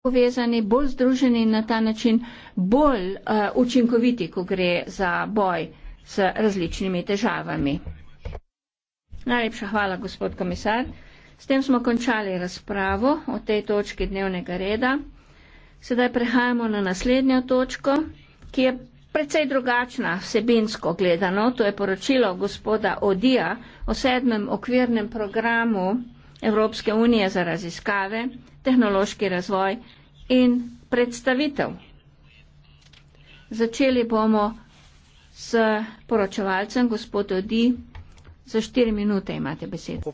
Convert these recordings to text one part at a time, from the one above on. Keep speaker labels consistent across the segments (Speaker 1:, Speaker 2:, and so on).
Speaker 1: povezani, bolj združeni in na ta način bolj uh, učinkoviti, ko gre za boj s različnimi težavami. Najlepša hvala, gospod komisar. S tem smo končali razpravo o tej točki dnevnega reda. Sedaj prehajamo na naslednjo točko, ki je precej drugačna vsebinsko gledano. To je poročilo gospoda Odija o sedmem okvirnem programu Evropske unije za raziskave tehnološki razvoj in predstavitev. Začeli bomo s poročevalcem, gospod Odi, za štiri minute imate besedo.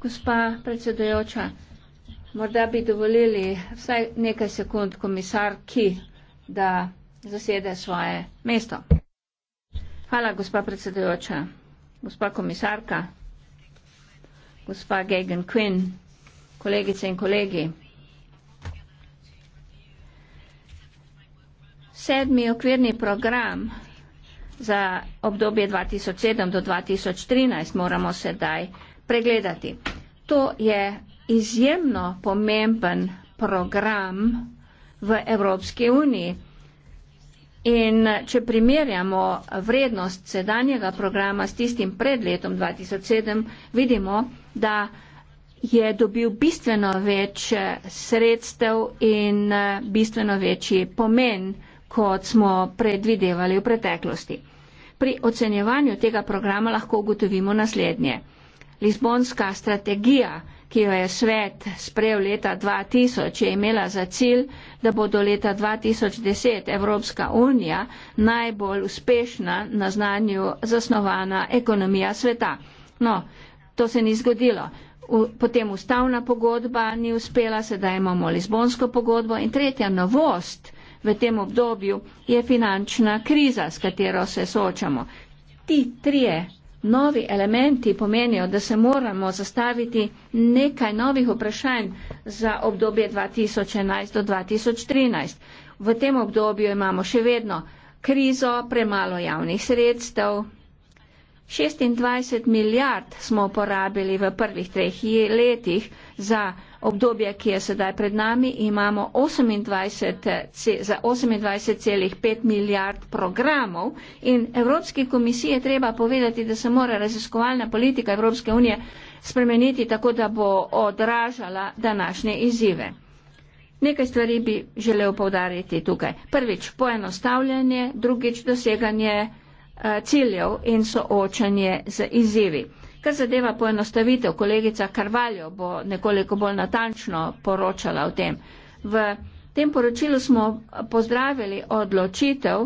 Speaker 1: Gospa predsedojoča, morda bi dovolili vsaj nekaj sekund komisarki, da zasede svoje mesto. Hvala, gospa predsedojoča. Gospa komisarka, gospa Gagan Quinn, kolegice in kolegi. Sedmi okvirni program za obdobje 2007 do 2013 moramo sedaj pregledati. To je izjemno pomemben program v Evropski uniji. In če primerjamo vrednost sedanjega programa s tistim pred letom 2007, vidimo, da je dobil bistveno več eh, sredstev in eh, bistveno večji pomen, kot smo predvidevali v preteklosti. Pri ocenjevanju tega programa lahko ugotovimo naslednje. Lizbonska strategija ki jo je svet sprejel leta 2000, je imela za cilj, da bo do leta 2010 Evropska unija najbolj uspešna na znanju zasnovana ekonomija sveta. No, to se ni zgodilo. Potem ustavna pogodba ni uspela, sedaj imamo Lizbonsko pogodbo in tretja novost v tem obdobju je finančna kriza, s katero se soočamo. Ti trije novi elementi pomenijo, da se moramo zastaviti nekaj novih vprašanj za obdobje 2011 do 2013. V tem obdobju imamo še vedno krizo, premalo javnih sredstev. 26 milijard smo porabili v prvih treh letih za obdobje, ki je sedaj pred nami, imamo 28, za 28,5 milijard programov in Evropski komisiji je treba povedati, da se mora raziskovalna politika Evropske unije spremeniti tako, da bo odražala današnje izzive. Nekaj stvari bi želel povdariti tukaj. Prvič, poenostavljanje, drugič, doseganje eh, ciljev in soočanje z izzivi. Kar zadeva poenostavitev, kolegica Karvaljo bo nekoliko bolj natančno poročala o tem. V tem poročilu smo pozdravili odločitev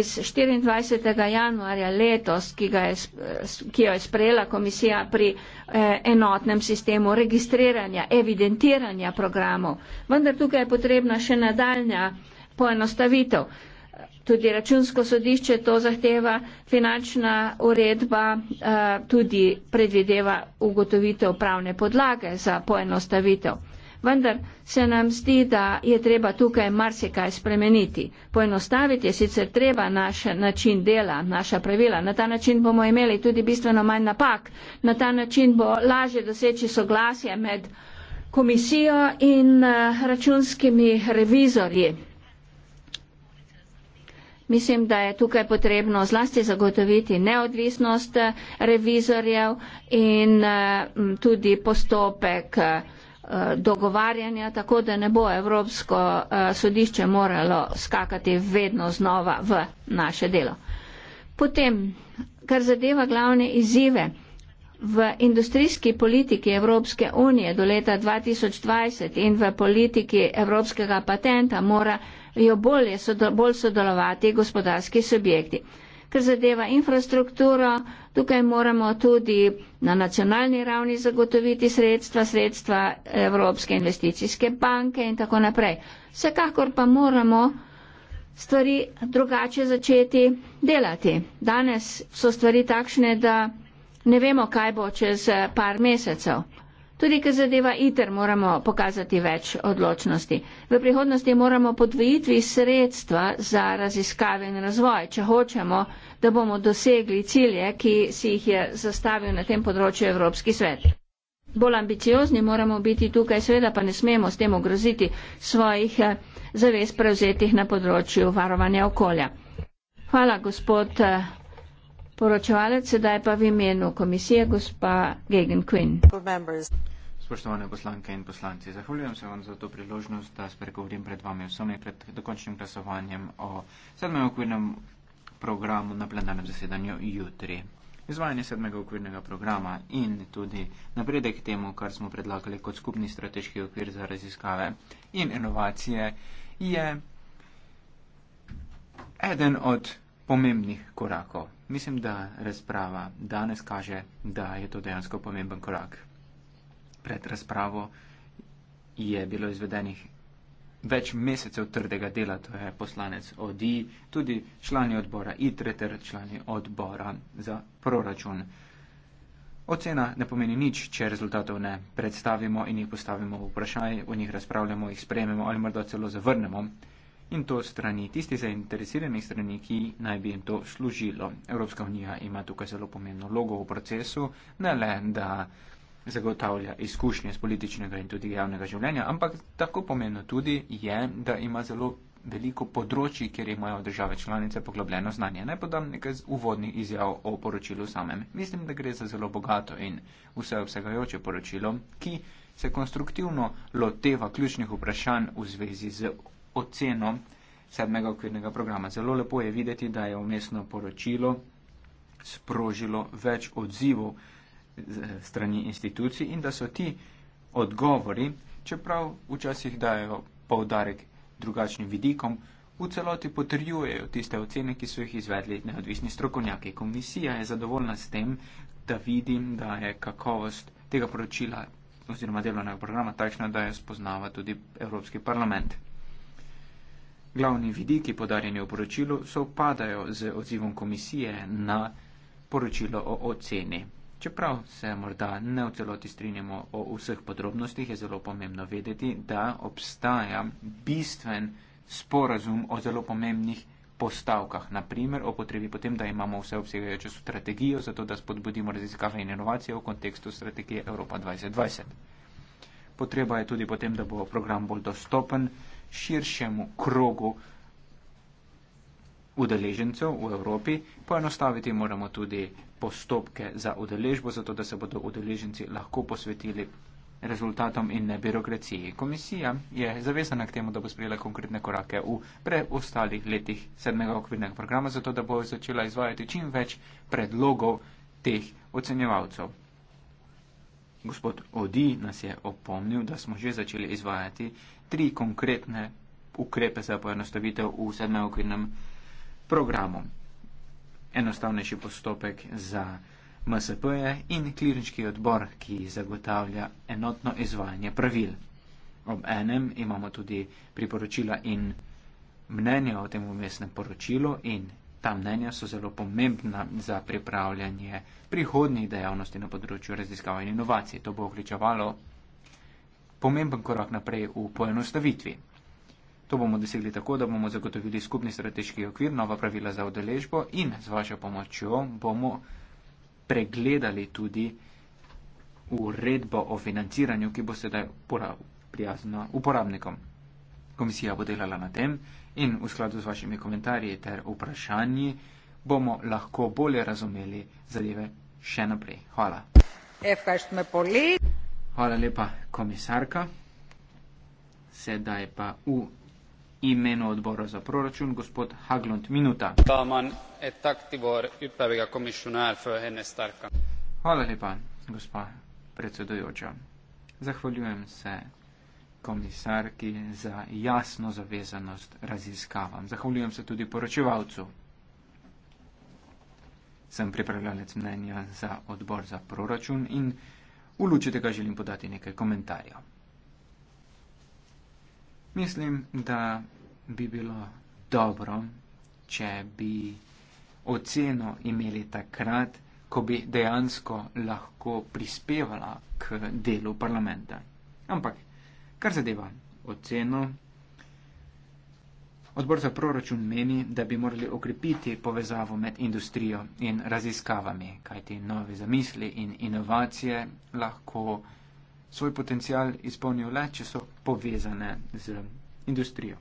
Speaker 1: iz 24. januarja letos, ki, je, ki jo je sprejela komisija pri eh, enotnem sistemu registriranja, evidentiranja programov. Vendar tukaj je potrebna še nadaljna poenostavitev tudi računsko sodišče to zahteva, finančna uredba eh, tudi predvideva ugotovitev pravne podlage za poenostavitev. Vendar se nam zdi, da je treba tukaj marsikaj spremeniti. Poenostaviti je sicer treba naš način dela, naša pravila. Na ta način bomo imeli tudi bistveno manj napak. Na ta način bo lažje doseči soglasje med komisijo in eh, računskimi revizorji. Mislim, da je tukaj potrebno zlasti zagotoviti neodvisnost eh, revizorjev in eh, tudi postopek eh, dogovarjanja, tako da ne bo Evropsko sodišče moralo skakati vedno znova v naše delo. Potem, kar zadeva glavne izzive v industrijski politiki Evropske unije do leta 2020 in v politiki Evropskega patenta, mora jo bolje bolj sodelovati gospodarski subjekti. Ker zadeva infrastrukturo, tukaj moramo tudi na nacionalni ravni zagotoviti sredstva, sredstva Evropske investicijske banke in tako naprej. Vsekakor pa moramo stvari drugače začeti delati. Danes so stvari takšne, da ne vemo, kaj bo čez par mesecev. Tudi, kar zadeva ITER, moramo pokazati več odločnosti. V prihodnosti moramo podvojitvi sredstva za raziskave in razvoj, če hočemo, da bomo dosegli cilje, ki si jih je zastavil na tem področju Evropski svet. Bolj ambiciozni moramo biti tukaj, seveda pa ne smemo s tem ogroziti svojih eh, zavez prevzetih na področju varovanja okolja. Hvala, gospod eh, Poročevalec sedaj pa v imenu komisije gospa Gagan Quinn.
Speaker 2: Spoštovane poslanke in poslanci, zahvaljujem se vam za to priložnost, da spregovorim pred vami vsem pred dokončnim glasovanjem o sedmem okvirnem programu na plenarnem zasedanju jutri. Izvajanje sedmega okvirnega programa in tudi napredek temu, kar smo predlagali kot skupni strateški okvir za raziskave in inovacije, je eden od pomembnih korakov Mislim, da razprava danes kaže, da je to dejansko pomemben korak. Pred razpravo je bilo izvedenih več mesecev trdega dela, to je poslanec ODI, tudi člani odbora ITRE ter člani odbora za proračun. Ocena ne pomeni nič, če rezultatov ne predstavimo in jih postavimo v vprašanje, o njih razpravljamo, jih sprejmemo ali morda celo zavrnemo in to strani tisti zainteresirani strani, ki naj bi jim to služilo. Evropska unija ima tukaj zelo pomembno logo v procesu, ne le, da zagotavlja izkušnje z političnega in tudi javnega življenja, ampak tako pomembno tudi je, da ima zelo veliko področji, kjer imajo države članice poglobljeno znanje. Naj podam nekaj uvodnih izjav o poročilu samem. Mislim, da gre za zelo bogato in vseobsegajoče poročilo, ki se konstruktivno loteva ključnih vprašanj v zvezi z oceno sedmega okvirnega programa. Zelo lepo je videti, da je umestno poročilo sprožilo več odzivov eh, strani institucij in da so ti odgovori, čeprav včasih dajo povdarek drugačnim vidikom, v celoti potrjujejo tiste ocene, ki so jih izvedli neodvisni strokovnjaki. Komisija je zadovoljna s tem, da vidim, da je kakovost tega poročila oziroma delovnega programa takšna, da jo spoznava tudi Evropski parlament. Glavni vidiki podarjeni v poročilu so upadajo z odzivom komisije na poročilo o oceni. Čeprav se morda ne v celoti strinjamo o vseh podrobnostih, je zelo pomembno vedeti, da obstaja bistven sporazum o zelo pomembnih postavkah, naprimer o potrebi potem, da imamo vseobsegajočo strategijo, zato da spodbudimo raziskave in inovacije v kontekstu strategije Evropa 2020. Potreba je tudi potem, da bo program bolj dostopen, širšemu krogu udeležencev v Evropi, poenostaviti moramo tudi postopke za udeležbo, zato da se bodo udeleženci lahko posvetili rezultatom in ne birokraciji. Komisija je zavezana k temu, da bo sprejela konkretne korake v preostalih letih sedmega okvirnega programa, zato da bo začela izvajati čim več predlogov teh ocenjevalcev. Gospod Odi nas je opomnil, da smo že začeli izvajati tri konkretne ukrepe za poenostavitev v sedmem okvirnem programu. Enostavnejši postopek za MSP je in klirinški odbor, ki zagotavlja enotno izvajanje pravil. Ob enem imamo tudi priporočila in mnenja o tem umestnem poročilu in Ta mnenja so zelo pomembna za pripravljanje prihodnih dejavnosti na področju raziskave in inovacije. To bo vključevalo pomemben korak naprej v poenostavitvi. To bomo dosegli tako, da bomo zagotovili skupni strateški okvir, nova pravila za udeležbo in z vašo pomočjo bomo pregledali tudi uredbo o financiranju, ki bo sedaj prijazna uporabnikom komisija bo delala na tem in v skladu z vašimi komentarji ter vprašanji bomo lahko bolje razumeli zadeve še naprej. Hvala. Hvala lepa, komisarka. Sedaj pa v imenu odbora za proračun gospod Haglund Minuta. Hvala lepa, gospa predsedujoča. Zahvaljujem se komisarki za jasno zavezanost raziskavam. Zahvaljujem se tudi poročevalcu. Sem pripravljalec mnenja za odbor za proračun in v luči tega želim podati nekaj komentarjev. Mislim, da bi bilo dobro, če bi oceno imeli takrat, ko bi dejansko lahko prispevala k delu parlamenta. Ampak Kar zadeva oceno, odbor za proračun meni, da bi morali okrepiti povezavo med industrijo in raziskavami, kajti nove zamisli in inovacije lahko svoj potencial izpolnijo le, če so povezane z industrijo.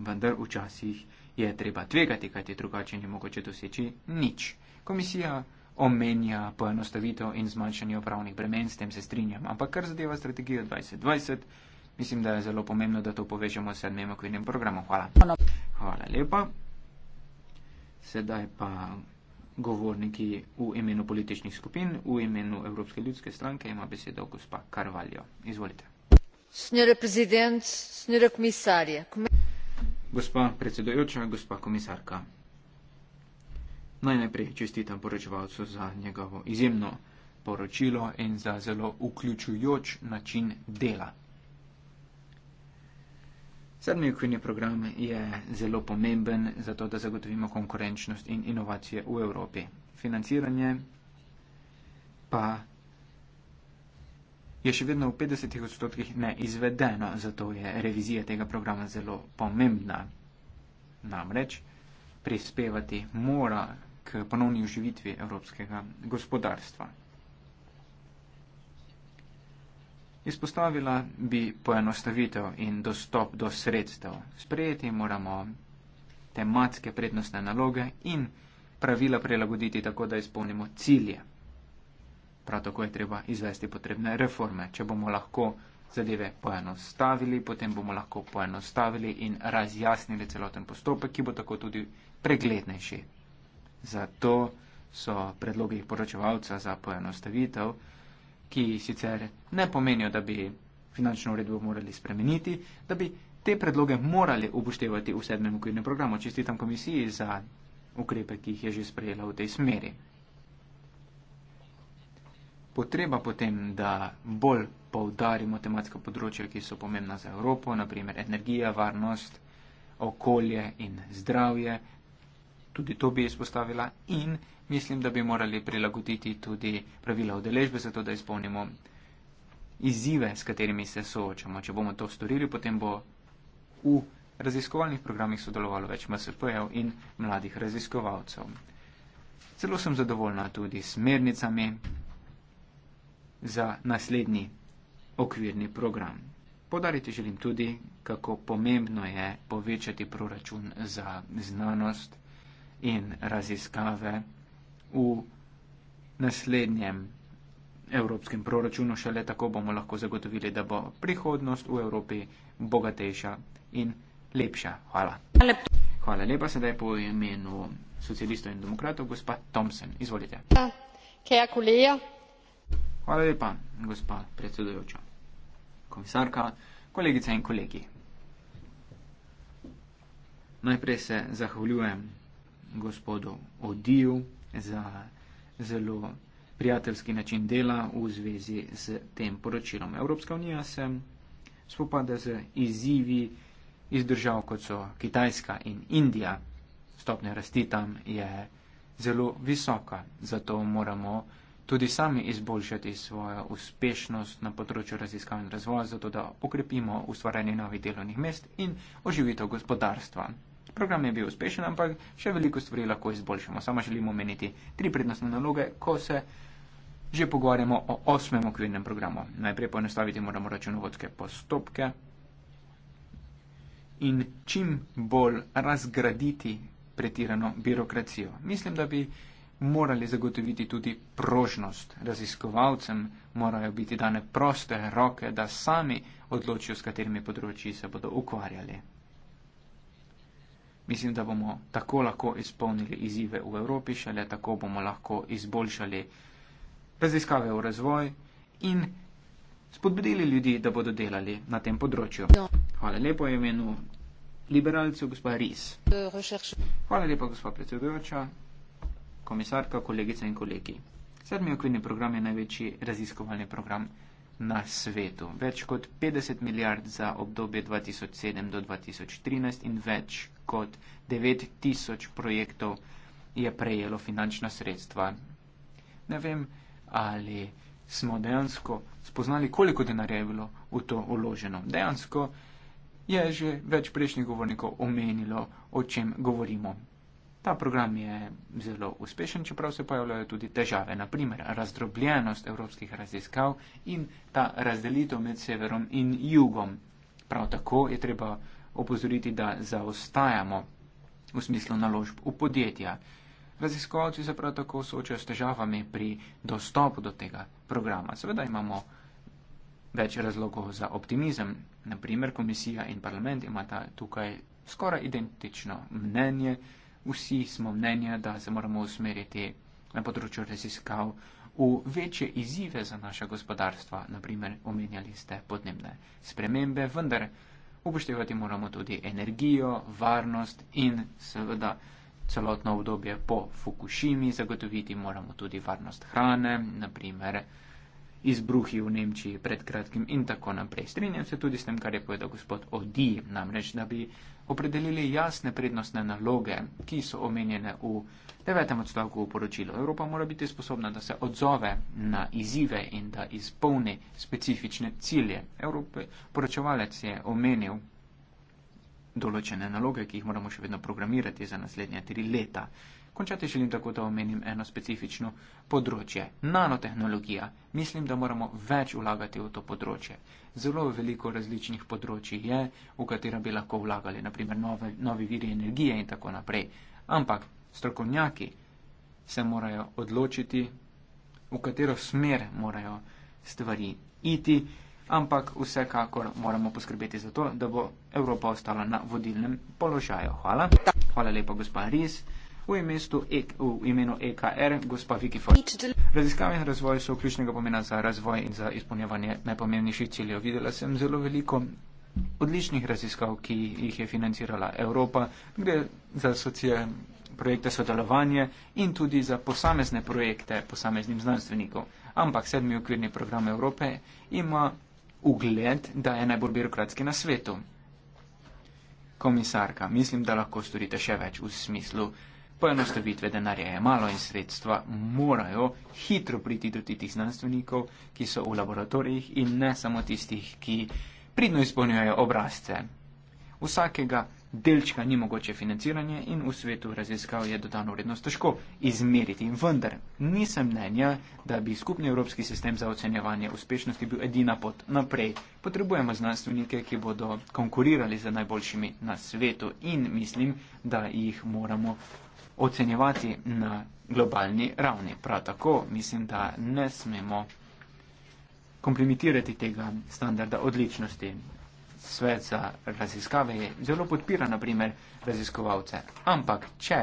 Speaker 2: Vendar včasih je treba tvegati, kajti drugače ni mogoče doseči nič. Komisija omenja poenostavitev in zmanjšanje upravnih bremen, s tem se strinjam. Ampak kar zadeva strategijo 2020, mislim, da je zelo pomembno, da to povežemo s sedmim okvirnim programom. Hvala. Hvala lepa. Sedaj pa govorniki v imenu političnih skupin, v imenu Evropske ljudske stranke ima besedo gospa Karvaljo. Izvolite.
Speaker 1: Snere prezident, snere komisarje.
Speaker 2: Gospa predsedojoča, gospa komisarka. Naj najprej čestitam poročevalcu za njegovo izjemno poročilo in za zelo vključujoč način dela. Sedmi okvirni program je zelo pomemben za to, da zagotovimo konkurenčnost in inovacije v Evropi. Financiranje pa je še vedno v 50 odstotkih neizvedeno, zato je revizija tega programa zelo pomembna. Namreč prispevati mora k ponovni oživitvi evropskega gospodarstva. Izpostavila bi poenostavitev in dostop do sredstev. Sprejeti moramo tematske prednostne naloge in pravila prilagoditi tako, da izpolnimo cilje. Prav tako je treba izvesti potrebne reforme. Če bomo lahko zadeve poenostavili, potem bomo lahko poenostavili in razjasnili celoten postopek, ki bo tako tudi preglednejši Zato so predlogi poročevalca za poenostavitev, ki sicer ne pomenijo, da bi finančno uredbo morali spremeniti, da bi te predloge morali upoštevati v sedmem okvirnem programu. Čestitam komisiji za ukrepe, ki jih je že sprejela v tej smeri. Potreba potem, da bolj poudarimo tematska področja, ki so pomembna za Evropo, naprimer energija, varnost, okolje in zdravje, tudi to bi izpostavila in mislim, da bi morali prilagoditi tudi pravila odeležbe, zato da izpolnimo izzive, s katerimi se soočamo. Če bomo to storili, potem bo v raziskovalnih programih sodelovalo več MSP-jev in mladih raziskovalcev. Celo sem zadovoljna tudi s smernicami za naslednji okvirni program. Podariti želim tudi, kako pomembno je povečati proračun za znanost in raziskave v naslednjem evropskem proračunu. Šele tako bomo lahko zagotovili, da bo prihodnost v Evropi bogatejša in lepša. Hvala. Hvala lepa. Sedaj po imenu socialistov in demokratov, gospa Thompson. Izvolite. Hvala lepa, gospa predsedujoča. Komisarka, kolegice in kolegi. Najprej se zahvaljujem gospodu Odiju za zelo prijateljski način dela v zvezi s tem poročilom. Evropska unija se spopada z izzivi iz držav, kot so Kitajska in Indija. Stopnja rasti tam je zelo visoka, zato moramo tudi sami izboljšati svojo uspešnost na področju raziskav in razvoja, zato da okrepimo ustvarjanje novih delovnih mest in oživitev gospodarstva. Program je bil uspešen, ampak še veliko stvari lahko izboljšamo. Samo želim omeniti tri prednostne naloge, ko se že pogovarjamo o osmem okvirnem programu. Najprej poenostaviti moramo računovodske postopke in čim bolj razgraditi pretirano birokracijo. Mislim, da bi morali zagotoviti tudi prožnost. Raziskovalcem morajo biti dane proste roke, da sami odločijo, s katerimi področji se bodo ukvarjali. Mislim, da bomo tako lahko izpolnili izzive v Evropi, šele tako bomo lahko izboljšali raziskave v razvoj in spodbudili ljudi, da bodo delali na tem področju. No. Hvala lepo imenu liberalcev, gospa Ris. Hvala lepo, gospa predsedujoča, komisarka, kolegice in kolegi. Sedmi okvirni program je največji raziskovalni program na svetu. Več kot 50 milijard za obdobje 2007 do 2013 in več kot 9000 projektov je prejelo finančna sredstva. Ne vem, ali smo dejansko spoznali, koliko denarja je bilo v to uloženo. Dejansko je že več prejšnjih govornikov omenilo, o čem govorimo. Ta program je zelo uspešen, čeprav se pojavljajo tudi težave, naprimer razdrobljenost evropskih raziskav in ta razdelitev med severom in jugom. Prav tako je treba opozoriti, da zaostajamo v smislu naložb v podjetja. Raziskovalci se prav tako soočajo s težavami pri dostopu do tega programa. Seveda imamo več razlogov za optimizem. Naprimer, komisija in parlament imata tukaj skoraj identično mnenje vsi smo mnenja, da se moramo usmeriti na področju raziskav v večje izzive za naša gospodarstva, naprimer omenjali ste podnebne spremembe, vendar upoštevati moramo tudi energijo, varnost in seveda celotno obdobje po Fukushimi, zagotoviti moramo tudi varnost hrane, naprimer izbruhi v Nemčiji pred kratkim in tako naprej. Strinjam se tudi s tem, kar je povedal gospod Odi, namreč da bi opredelili jasne prednostne naloge, ki so omenjene v devetem odstavku v poročilu. Evropa mora biti sposobna, da se odzove na izzive in da izpolni specifične cilje. Evropi poročevalec je omenil določene naloge, ki jih moramo še vedno programirati za naslednje tri leta. Končati želim tako, da omenim eno specifično področje - nanotehnologija. Mislim, da moramo več vlagati v to področje. Zelo veliko različnih področji je, v katera bi lahko vlagali, naprimer nove, novi viri energije in tako naprej. Ampak strokovnjaki se morajo odločiti, v katero smer morajo stvari iti, ampak vsekakor moramo poskrbeti za to, da bo Evropa ostala na vodilnem položaju. Hvala. Hvala lepa, gospa Riz v, mestu, e-, v imenu EKR, gospa Viki Fond. Raziskave in razvoj so ključnega pomena za razvoj in za izpolnjevanje najpomembnejših ciljev. Videla sem zelo veliko odličnih raziskav, ki jih je financirala Evropa, gre za socije, projekte sodelovanja in tudi za posamezne projekte posameznim znanstvenikom. Ampak sedmi okvirni program Evrope ima ugled, da je najbolj birokratski na svetu. Komisarka, mislim, da lahko storite še več v smislu poenostavitve denarja je malo in sredstva morajo hitro priti do tistih znanstvenikov, ki so v laboratorijih in ne samo tistih, ki pridno izpolnjujejo obrazce. Vsakega delčka ni mogoče financiranje in v svetu raziskav je dodano vrednost težko izmeriti. Vendar nisem mnenja, da bi skupni evropski sistem za ocenjevanje uspešnosti bil edina pot naprej. Potrebujemo znanstvenike, ki bodo konkurirali z najboljšimi na svetu in mislim, da jih moramo ocenjevati na globalni ravni. Prav tako mislim, da ne smemo komplimentirati tega standarda odličnosti. Svet za raziskave je zelo podpira, naprimer, raziskovalce. Ampak, če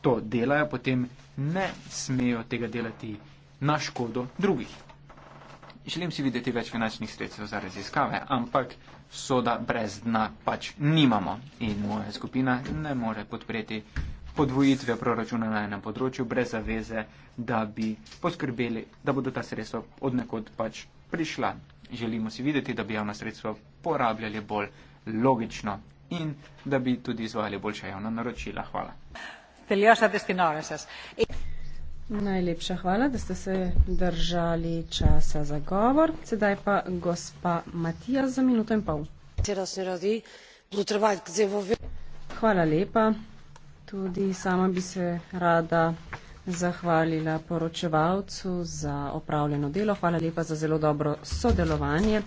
Speaker 2: to delajo, potem ne smejo tega delati na škodo drugih. Želim si videti več finančnih sredstev za raziskave, ampak soda brez dna pač nimamo in moja skupina ne more podpreti podvojitve proračuna na enem področju, brez zaveze, da bi poskrbeli, da bodo ta sredstva odnekod pač prišla. Želimo si videti, da bi javna sredstva porabljali bolj logično in da bi tudi izvajali boljša javna
Speaker 3: naročila. Hvala.
Speaker 4: Najlepša hvala, da ste se držali časa za govor. Sedaj pa gospa Matija za minuto in pol. Hvala lepa. Tudi sama bi se rada zahvalila poročevalcu za opravljeno delo. Hvala lepa za zelo dobro sodelovanje.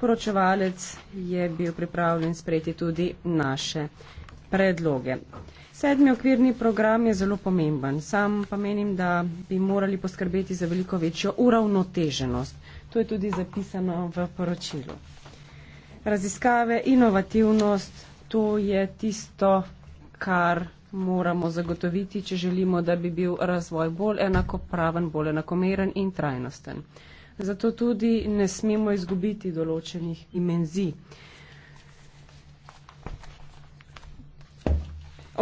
Speaker 4: Poročevalec je bil pripravljen sprejeti tudi naše predloge. Sedmi okvirni program je zelo pomemben. Sam pa menim, da bi morali poskrbeti za veliko večjo uravnoteženost. To je tudi zapisano v poročilu. Raziskave, inovativnost, to je tisto, kar moramo zagotoviti, če želimo, da bi bil razvoj bolj enakopraven, bolj enakomeren in trajnosten. Zato tudi ne smemo izgubiti določenih dimenzij.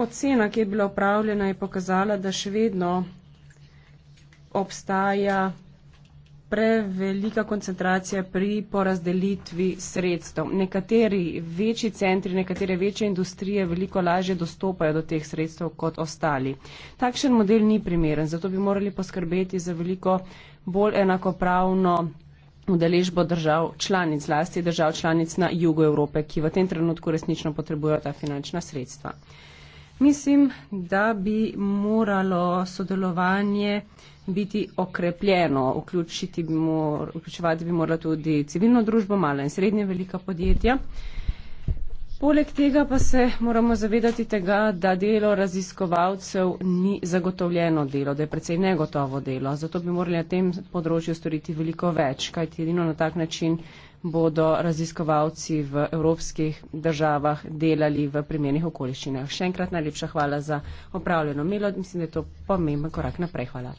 Speaker 4: Ocena, ki je bila upravljena, je pokazala, da še vedno obstaja prevelika koncentracija pri porazdelitvi sredstev. Nekateri večji centri, nekatere večje industrije veliko lažje dostopajo do teh sredstev kot ostali. Takšen model ni primeren, zato bi morali poskrbeti za veliko bolj enakopravno udeležbo držav članic, zlasti držav članic na jugu Evrope, ki v tem trenutku resnično potrebujejo ta finančna sredstva. Mislim, da bi moralo sodelovanje eh, biti okrepljeno, vključiti bi mor, vključevati bi morala tudi civilno družbo, mala in srednje velika podjetja. Poleg tega pa se moramo zavedati tega, da delo raziskovalcev ni zagotovljeno delo, da je precej negotovo delo. Zato bi morali na tem področju storiti veliko več, kajti edino na tak način bodo raziskovalci v evropskih državah delali v primernih okoliščinah. Še enkrat najlepša hvala za opravljeno melo. Mislim, da je to pomemben korak naprej. Hvala.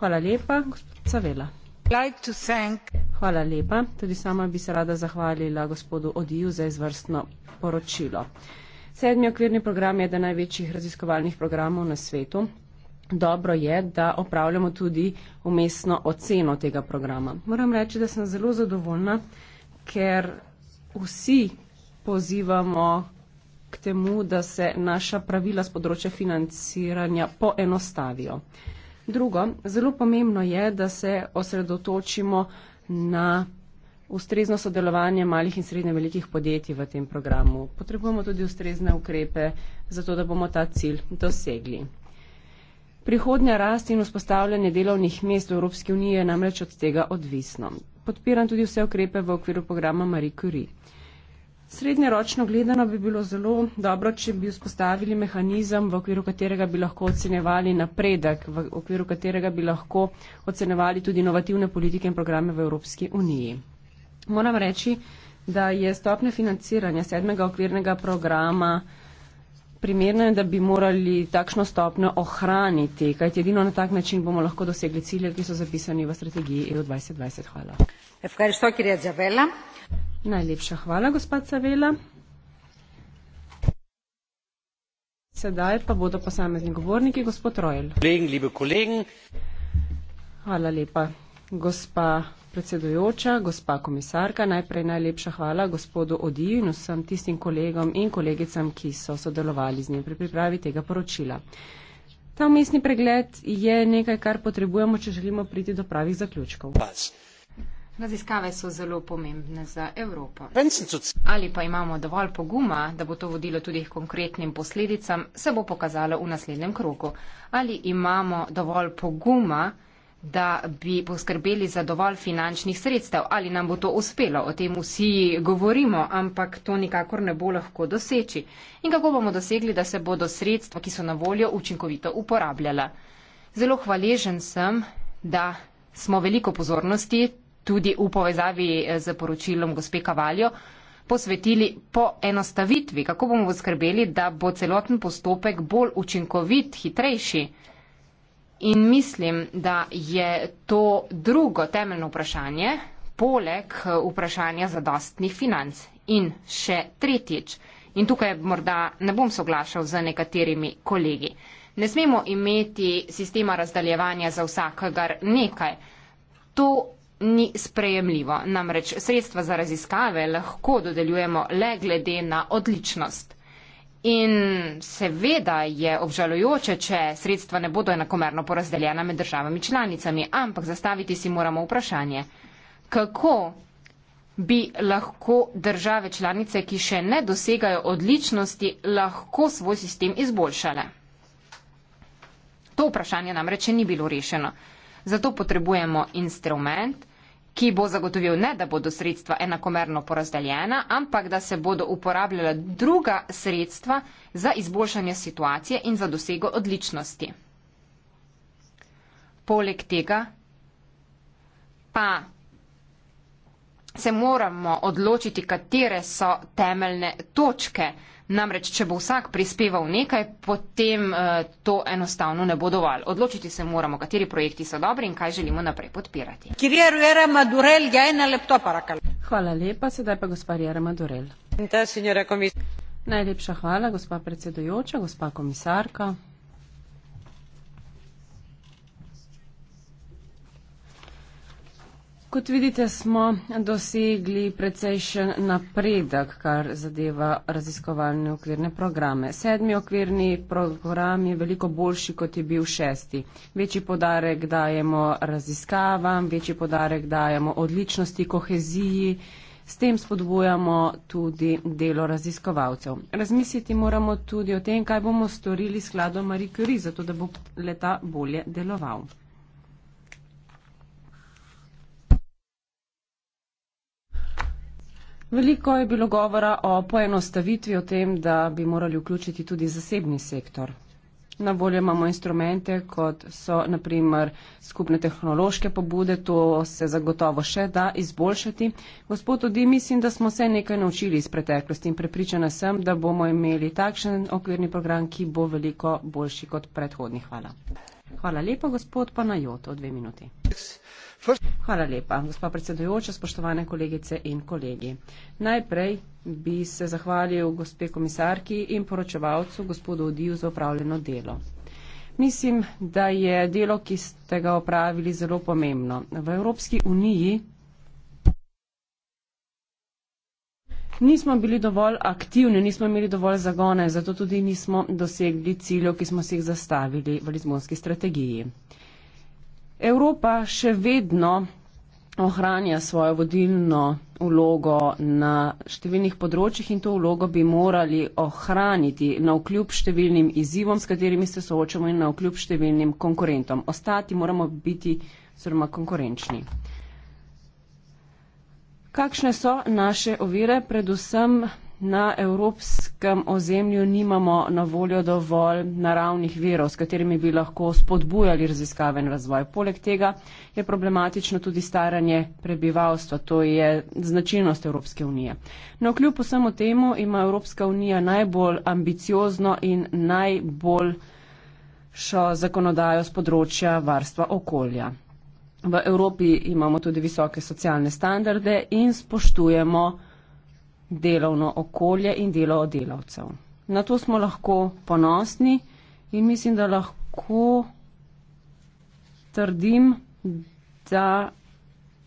Speaker 4: Hvala lepa, gospod Savela. Hvala lepa. Tudi sama bi se rada zahvalila gospodu Odiju za izvrstno poročilo. Sedmi okvirni program je eden največjih raziskovalnih programov na svetu dobro je, da opravljamo tudi umestno oceno tega programa. Moram reči, da sem zelo zadovoljna, ker vsi pozivamo k temu, da se naša pravila z področja financiranja poenostavijo. Drugo, zelo pomembno je, da se osredotočimo na ustrezno sodelovanje malih in srednje velikih podjetij v tem programu. Potrebujemo tudi ustrezne ukrepe, zato da bomo ta cilj dosegli. Prihodnja rast in vzpostavljanje delovnih mest v Evropski uniji je namreč od tega odvisno. Podpiram tudi vse ukrepe v okviru programa Marie Curie. Srednjeročno gledano bi bilo zelo dobro, če bi vzpostavili mehanizem, v okviru katerega bi lahko ocenjevali napredek, v okviru katerega bi lahko ocenjevali tudi inovativne politike in programe v Evropski uniji. Moram reči, da je stopnja financiranja sedmega okvirnega programa primerne, da bi morali takšno stopnjo ohraniti, kajti edino na tak način bomo lahko dosegli cilje, ki so zapisani v strategiji EU 2020. Hvala. Najlepša hvala, gospod Cavela. Sedaj pa bodo posamezni govorniki, gospod Rojl. Hvala lepa, gospa predsedujoča, gospa komisarka, najprej najlepša hvala gospodu Odiju in vsem tistim kolegom in kolegicam, ki so sodelovali z njim pri pripravi tega poročila. Ta umestni pregled je nekaj, kar potrebujemo, če želimo priti do pravih zaključkov.
Speaker 5: Raziskave so zelo pomembne za Evropo. Ali pa imamo dovolj poguma, da bo to vodilo tudi k konkretnim posledicam, se bo pokazalo v naslednjem krogu. Ali imamo dovolj poguma, da bi poskrbeli za dovolj finančnih sredstev. Ali nam bo to uspelo? O tem vsi govorimo, ampak to nikakor ne bo lahko doseči. In kako bomo dosegli, da se bodo sredstva, ki so na voljo, učinkovito uporabljala? Zelo hvaležen sem, da smo veliko pozornosti tudi v povezavi z eh, poročilom gospe Kavaljo posvetili poenostavitvi, kako bomo poskrbeli, da bo celoten postopek bolj učinkovit, hitrejši. In mislim, da je to drugo temeljno vprašanje, poleg eh, vprašanja zadostnih financ. In še tretjič, in tukaj morda ne bom soglašal z nekaterimi kolegi, ne smemo imeti sistema razdaljevanja za vsakogar nekaj. To ni sprejemljivo, namreč sredstva za raziskave lahko dodeljujemo le glede na odličnost. In seveda je obžalujoče, če sredstva ne bodo enakomerno porazdeljena med državami članicami, ampak zastaviti si moramo vprašanje, kako bi lahko države članice, ki še ne dosegajo odličnosti, lahko svoj sistem izboljšale. To vprašanje namreč ni bilo rešeno. Zato potrebujemo instrument, ki bo zagotovil ne, da bodo sredstva enakomerno porazdeljena, ampak da se bodo uporabljala druga sredstva za izboljšanje situacije in za dosego odličnosti. Poleg tega pa se moramo odločiti, katere so temeljne točke Namreč, če bo vsak prispeval nekaj, potem eh, to enostavno ne bo dovolj. Odločiti se moramo, kateri projekti
Speaker 4: so dobri in kaj želimo naprej podpirati. Ja, hvala lepa, sedaj pa gospod Jera Madurel. Najlepša hvala, gospa predsedujoča, gospa komisarka. Kot vidite, smo dosegli precejšen napredek, kar zadeva raziskovalne okvirne programe. Sedmi okvirni program je veliko boljši, kot je bil šesti. Večji podarek dajemo raziskavam, večji podarek dajemo odličnosti, koheziji. S tem spodbujamo tudi delo raziskovalcev. Razmisliti moramo tudi o tem, kaj bomo storili skladom Marie Curie, zato da bo leta bolje deloval. Veliko je bilo govora o poenostavitvi, o tem, da bi morali vključiti tudi zasebni sektor. Na voljo imamo instrumente, kot so naprimer skupne tehnološke pobude, to se zagotovo še da izboljšati. Gospod Odi, mislim, da smo se nekaj naučili iz preteklosti in prepričana sem, da bomo imeli takšen okvirni program, ki bo veliko boljši kot predhodni. Hvala. Hvala lepa, gospod Panajoto, dve minuti. Hvala lepa, gospa predsedujoča, spoštovane kolegice in kolegi. Najprej bi se zahvalil gospe komisarki in poročevalcu gospodu Odiju za upravljeno delo. Mislim, da je delo, ki ste ga opravili, zelo pomembno. V Evropski uniji nismo bili dovolj aktivni, nismo imeli dovolj zagona in zato tudi nismo dosegli ciljev, ki smo si jih zastavili v Lizbonski strategiji. Evropa še vedno ohranja svojo vodilno vlogo na številnih področjih in to vlogo bi morali ohraniti na vkljub številnim izzivom, s katerimi se soočamo in na vkljub številnim konkurentom. Ostati moramo biti oziroma konkurenčni. Kakšne so naše ovire? Predvsem na evropskem ozemlju nimamo na voljo dovolj naravnih virov, s katerimi bi lahko spodbujali raziskave in razvoj. Poleg tega je problematično tudi staranje prebivalstva, to je značilnost Evropske unije. Na no, kljub vsemu temu ima Evropska unija najbolj ambiciozno in najbolj šo zakonodajo z področja varstva okolja. V Evropi imamo tudi visoke socialne standarde in spoštujemo delovno okolje in delo delavcev. Na to smo lahko ponosni in mislim, da lahko trdim, da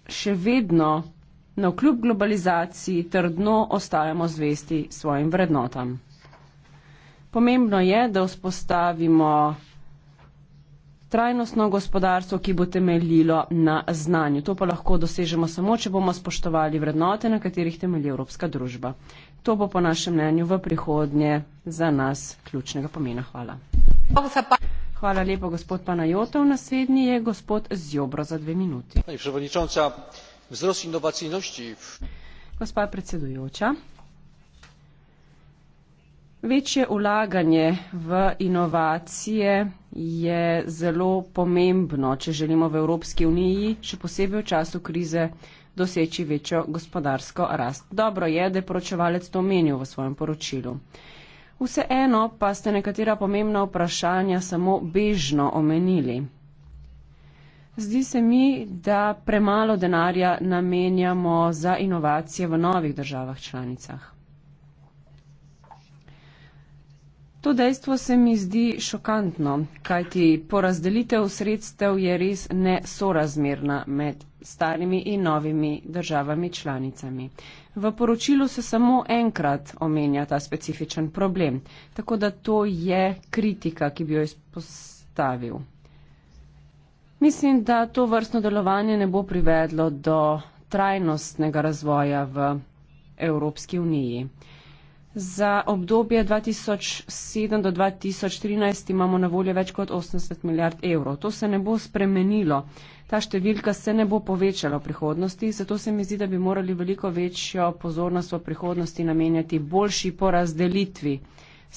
Speaker 4: še vedno na vkljub globalizaciji trdno ostajamo zvesti svojim vrednotam. Pomembno je, da vzpostavimo trajnostno gospodarstvo, ki bo temeljilo na znanju. To pa lahko dosežemo samo, če bomo spoštovali vrednote, na katerih temelji evropska družba. To bo po našem mnenju v prihodnje za nas ključnega pomena. Hvala. Hvala lepo, gospod Panajotov. Naslednji je gospod Zjobro za dve minuti. Gospa predsedujoča, Večje vlaganje v inovacije je zelo pomembno, če želimo v Evropski uniji, še posebej v času krize, doseči večjo gospodarsko rast. Dobro je, da je poročevalec to omenil v svojem poročilu. Vseeno pa ste nekatera pomembna vprašanja samo bežno omenili. Zdi se mi, da premalo denarja namenjamo za inovacije v novih državah članicah. To dejstvo se mi zdi šokantno, kajti porazdelitev sredstev je res nesorazmerna med starimi in novimi državami članicami. V poročilu se samo enkrat omenja ta specifičen problem, tako da to je kritika, ki bi jo izpostavil. Mislim, da to vrstno delovanje ne bo privedlo do trajnostnega razvoja v Evropski uniji. Za obdobje 2007 do 2013 imamo na voljo več kot 80 milijard evrov. To se ne bo spremenilo, ta številka se ne bo povečala v prihodnosti, zato se mi zdi, da bi morali veliko večjo pozornost v prihodnosti namenjati boljši porazdelitvi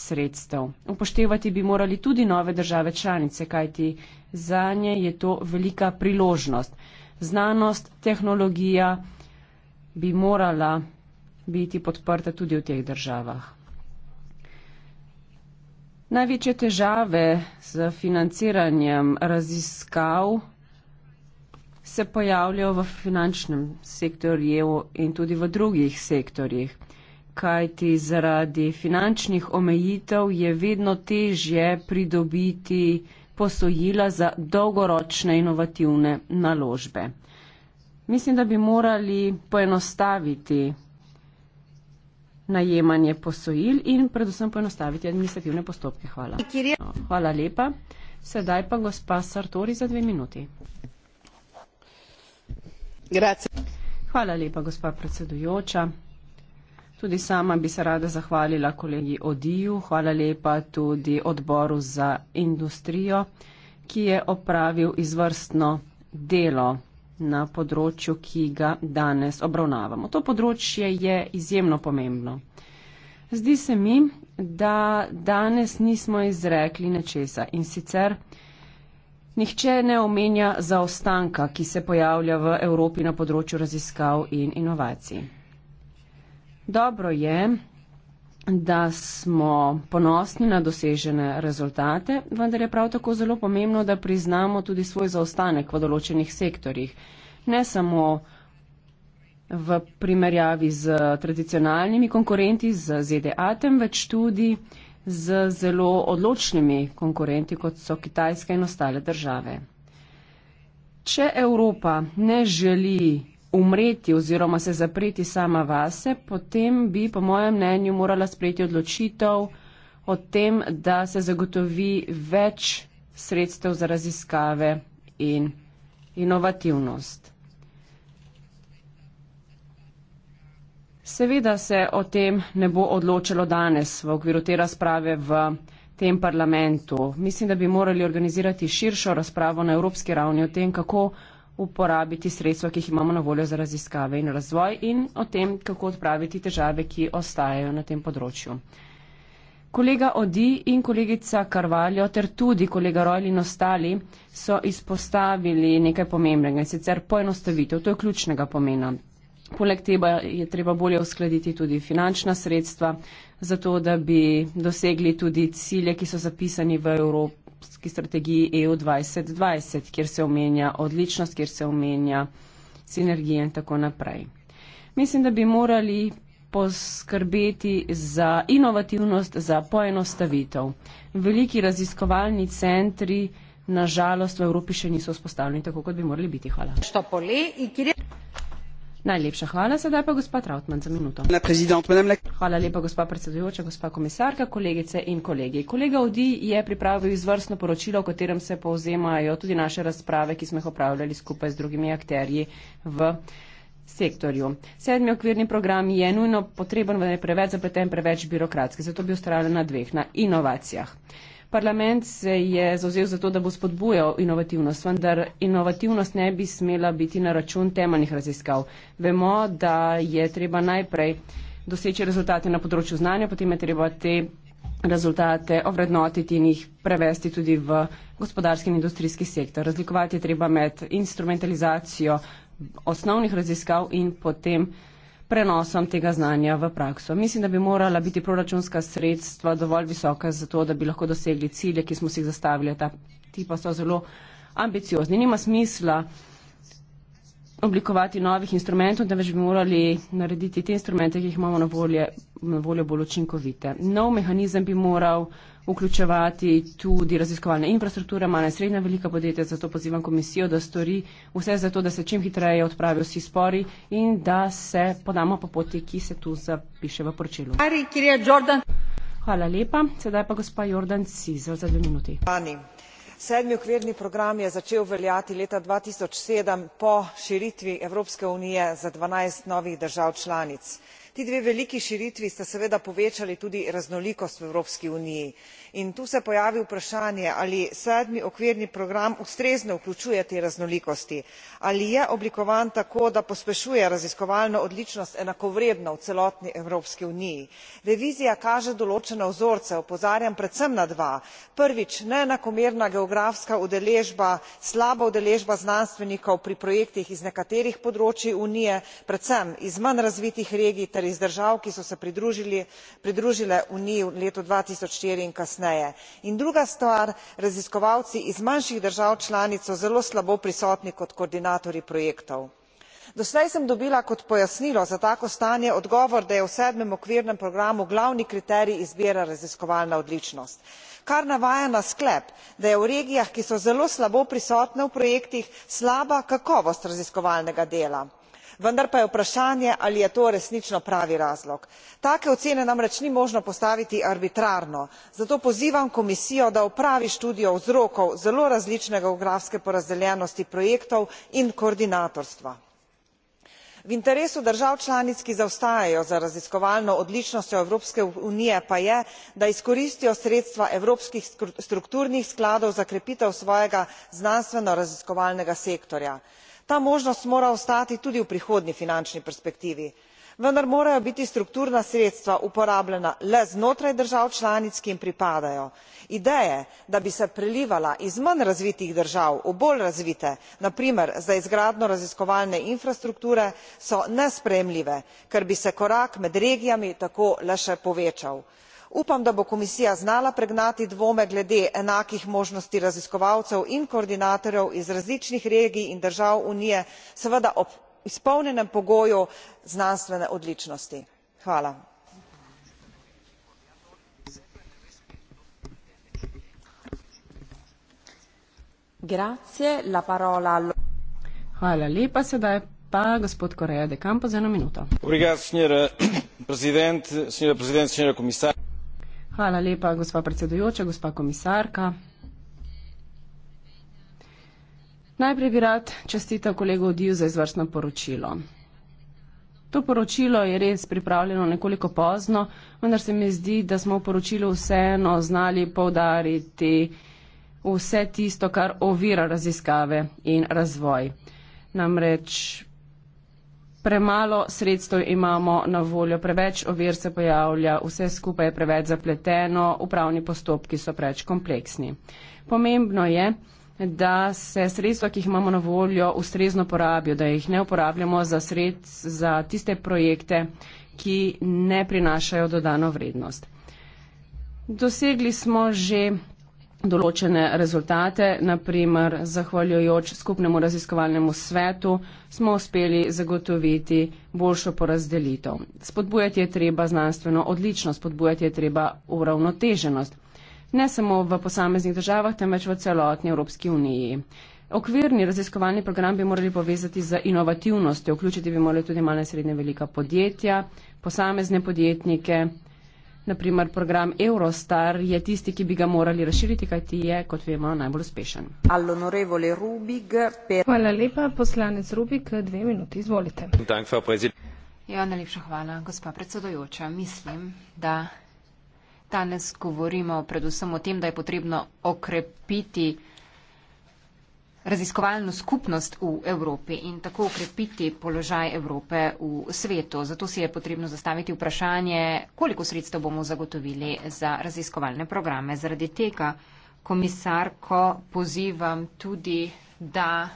Speaker 4: sredstev. Upoštevati bi morali tudi nove države članice, kajti za nje je to velika priložnost. Znanost, tehnologija bi morala biti podprte tudi v teh državah. Največje težave z financiranjem raziskav se pojavljajo v finančnem sektorju in tudi v drugih sektorjih, kajti zaradi finančnih omejitev je vedno težje pridobiti posojila za dolgoročne inovativne naložbe. Mislim, da bi morali poenostaviti najemanje posojil in predvsem poenostaviti administrativne postopke. Hvala. Hvala lepa. Sedaj pa gospa Sartori za dve minuti. Grazie. Hvala lepa, gospa predsedujoča. Tudi sama bi se rada zahvalila kolegi Odiju, hvala lepa tudi odboru za industrijo, ki je opravil izvrstno delo na področju, ki ga danes obravnavamo. To področje je izjemno pomembno. Zdi se mi, da danes nismo izrekli nečesa in sicer nihče ne omenja zaostanka, ki se pojavlja v Evropi na področju raziskav in inovacij. Dobro je, da smo ponosni na dosežene rezultate, vendar je prav tako zelo pomembno, da priznamo tudi svoj zaostanek v določenih sektorjih. Ne samo v primerjavi z tradicionalnimi konkurenti, z ZDA, temveč tudi z zelo odločnimi konkurenti, kot so Kitajska in ostale države. Če Evropa ne želi umreti oziroma se zapreti sama vase, potem bi, po mojem mnenju, morala sprejeti odločitev o tem, da se zagotovi več sredstev za raziskave in inovativnost. Seveda se o tem ne bo odločilo danes v okviru te razprave v tem parlamentu. Mislim, da bi morali organizirati širšo razpravo na evropski ravni o tem, kako uporabiti sredstva, ki jih imamo na voljo za raziskave in razvoj in o tem, kako odpraviti težave, ki ostajajo na tem področju. Kolega Odi in kolegica Karvaljo ter tudi kolega Rojli in ostali so izpostavili nekaj pomembnega in sicer poenostavitev. To je ključnega pomena. Poleg tega je treba bolje uskladiti tudi finančna sredstva, zato da bi dosegli tudi cilje, ki so zapisani v Evropi evropski strategiji EU 2020, kjer se omenja odličnost, kjer se omenja sinergije in tako naprej. Mislim, da bi morali poskrbeti za inovativnost, za poenostavitev. Veliki raziskovalni centri, nažalost, v Evropi še niso vzpostavljeni tako, kot bi morali biti. Hvala. Najlepša hvala, sedaj pa gospod Trautmann za minuto. Hvala lepa, gospa predsedujoča, gospa komisarka, kolegice in kolegi. Kolega Odi je pripravil izvrstno poročilo, v katerem se povzemajo tudi naše razprave, ki smo jih opravljali skupaj z drugimi akterji v. Sektorju. Sedmi okvirni program je nujno potreben, vendar je preveč zapleten, preveč birokratski, zato bi ustrajala na dveh, na inovacijah. Parlament se je zauzel za to, da bo spodbujal inovativnost, vendar inovativnost ne bi smela biti na račun temeljnih raziskav. Vemo, da je treba najprej doseči rezultate na področju znanja, potem je treba te rezultate ovrednotiti in jih prevesti tudi v gospodarski in industrijski sektor. Razlikovati je treba med instrumentalizacijo osnovnih raziskav in potem prenosom tega znanja v prakso. Mislim, da bi morala biti proračunska sredstva dovolj visoka za to, da bi lahko dosegli cilje, ki smo si jih zastavili. Ta, ti pa so zelo ambiciozni. Nima smisla oblikovati novih instrumentov, temveč bi morali narediti te instrumente, ki jih imamo na voljo, na voljo bolj učinkovite. Nov mehanizem bi moral vključevati tudi raziskovalne infrastrukture, manj srednja velika podjetja, zato pozivam komisijo, da stori vse za to, da se čim hitreje odpravijo vsi spori in da se podamo po poti, ki se tu zapiše v poročilu. Hvala lepa, sedaj pa gospa Jordan Cizel za dve minuti.
Speaker 3: Pani sedmi okvirni program je začel veljati leta dva tisoč sedem po širitvi evropske unije za dvanajst novih držav članic ti dve veliki širitvi sta seveda povečali tudi raznolikost v evropski uniji in tu se pojavi vprašanje ali sedmi okvirni program ustrezno vključuje te raznolikosti ali je oblikovan tako da pospešuje raziskovalno odličnost enakovredno v celotni evropski uniji. revizija kaže določene vzorce opozarjam predvsem na dva prvič neenakomerna geografska udeležba slaba udeležba znanstvenikov pri projektih iz nekaterih področij unije predvsem iz manj razvitih regij iz držav ki so se pridružile uniji v letu dva tisoč štiri in kasneje in druga stvar raziskovalci iz manjših držav članic so zelo slabo prisotni kot koordinatorji projektov. doslej sem dobila kot pojasnilo za tako stanje odgovor da je v sedmem okvirnem programu glavni kriterij izbira raziskovalna odličnost kar navaja na sklep da je v regijah ki so zelo slabo prisotne v projektih slaba kakovost raziskovalnega dela vendar pa je vprašanje ali je to resnično pravi razlog. take ocene namreč ni možno postaviti arbitrarno zato pozivam komisijo da opravi študijo vzrokov zelo različne geografske porazdeljenosti projektov in koordinatorstva. v interesu držav članic ki zaostajajo za raziskovalno odličnostjo evropske unije pa je da izkoristijo sredstva evropskih strukturnih skladov za krepitev svojega znanstveno raziskovalnega sektorja ta možnost mora ostati tudi v prihodnji finančni perspektivi vendar morajo biti strukturna sredstva uporabljena le znotraj držav članic ki jim pripadajo. ideje da bi se prelivala iz manj razvitih držav v bolj razvite na primer za izgradnjo raziskovalne infrastrukture so nesprejemljive ker bi se korak med regijami tako le še povečal upam da bo komisija znala pregnati dvome glede enakih možnosti raziskovalcev in koordinatorjev iz različnih regij in držav unije seveda ob izpolnjenem pogoju znanstvene odličnosti.
Speaker 4: Hvala lepa, gospa predsedujoča, gospa komisarka. Najprej bi rad čestital kolego Odiju za izvrstno poročilo. To poročilo je res pripravljeno nekoliko pozno, vendar se mi zdi, da smo v poročilu vseeno znali povdariti vse tisto, kar ovira raziskave in razvoj. Namreč premalo sredstev imamo na voljo, preveč ovir se pojavlja, vse skupaj je preveč zapleteno, upravni postopki so preveč kompleksni. Pomembno je, da se sredstva, ki jih imamo na voljo, ustrezno porabijo, da jih ne uporabljamo za, sred, za tiste projekte, ki ne prinašajo dodano vrednost. Dosegli smo že določene rezultate, naprimer zahvaljujoč skupnemu raziskovalnemu svetu smo uspeli zagotoviti boljšo porazdelitev. Spodbujati je treba znanstveno odlično, spodbujati je treba uravnoteženost. Ne samo v posameznih državah, temveč v celotni Evropski uniji. Okvirni raziskovalni program bi morali povezati z inovativnostjo, vključiti bi morali tudi male srednje velika podjetja, posamezne podjetnike, Naprimer, program Eurostar je tisti, ki bi ga morali razširiti, kajti je, kot vemo, najbolj uspešen.
Speaker 6: Hvala lepa, poslanec Rubik, dve minuti, izvolite. Ja, najlepša hvala,
Speaker 5: gospa predsedojoča. Mislim, da danes govorimo predvsem o tem, da je potrebno okrepiti raziskovalno skupnost v Evropi in tako ukrepiti položaj Evrope v svetu. Zato si je potrebno zastaviti vprašanje, koliko sredstev bomo zagotovili za raziskovalne programe. Zaradi tega komisarko pozivam tudi, da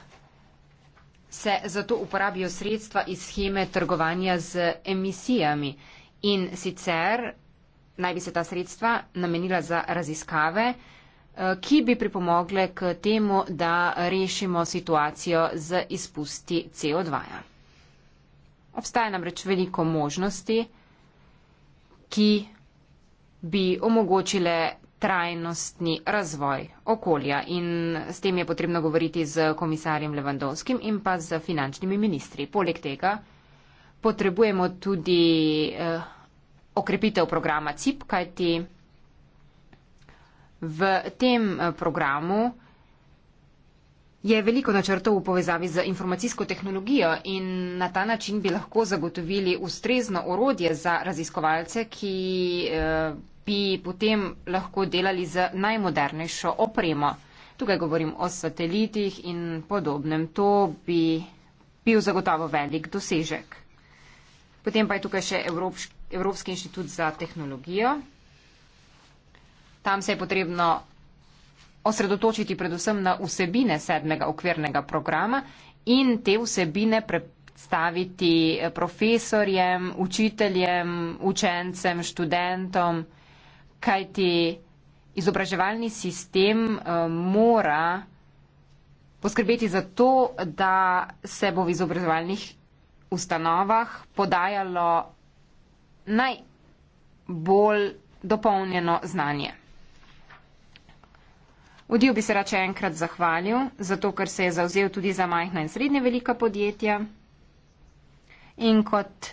Speaker 5: se zato uporabijo sredstva iz scheme trgovanja z emisijami in sicer naj bi se ta sredstva namenila za raziskave, Eh, ki bi pripomogle k temu, da rešimo situacijo z izpusti CO2. -ja. Obstaja namreč veliko možnosti, ki bi omogočile trajnostni razvoj okolja in s tem je potrebno govoriti z komisarjem Levandovskim in pa z finančnimi ministri. Poleg tega potrebujemo tudi eh, okrepitev programa CIP, kajti V tem eh, programu je veliko načrtov v povezavi z informacijsko tehnologijo in na ta način bi lahko zagotovili ustrezno orodje za raziskovalce, ki eh, bi potem lahko delali z najmodernejšo opremo. Tukaj govorim o satelitih in podobnem. To bi bil zagotovo velik dosežek. Potem pa je tukaj še Evropski inštitut za tehnologijo. Tam se je potrebno osredotočiti predvsem na vsebine sedmega okvirnega programa in te vsebine predstaviti profesorjem, učiteljem, učencem, študentom, kajti izobraževalni sistem eh, mora poskrbeti za to, da se bo v izobraževalnih ustanovah podajalo najbolj dopolnjeno znanje. Odil bi se rače enkrat zahvalil, zato ker se je zauzel tudi za majhna in srednje velika podjetja. In kot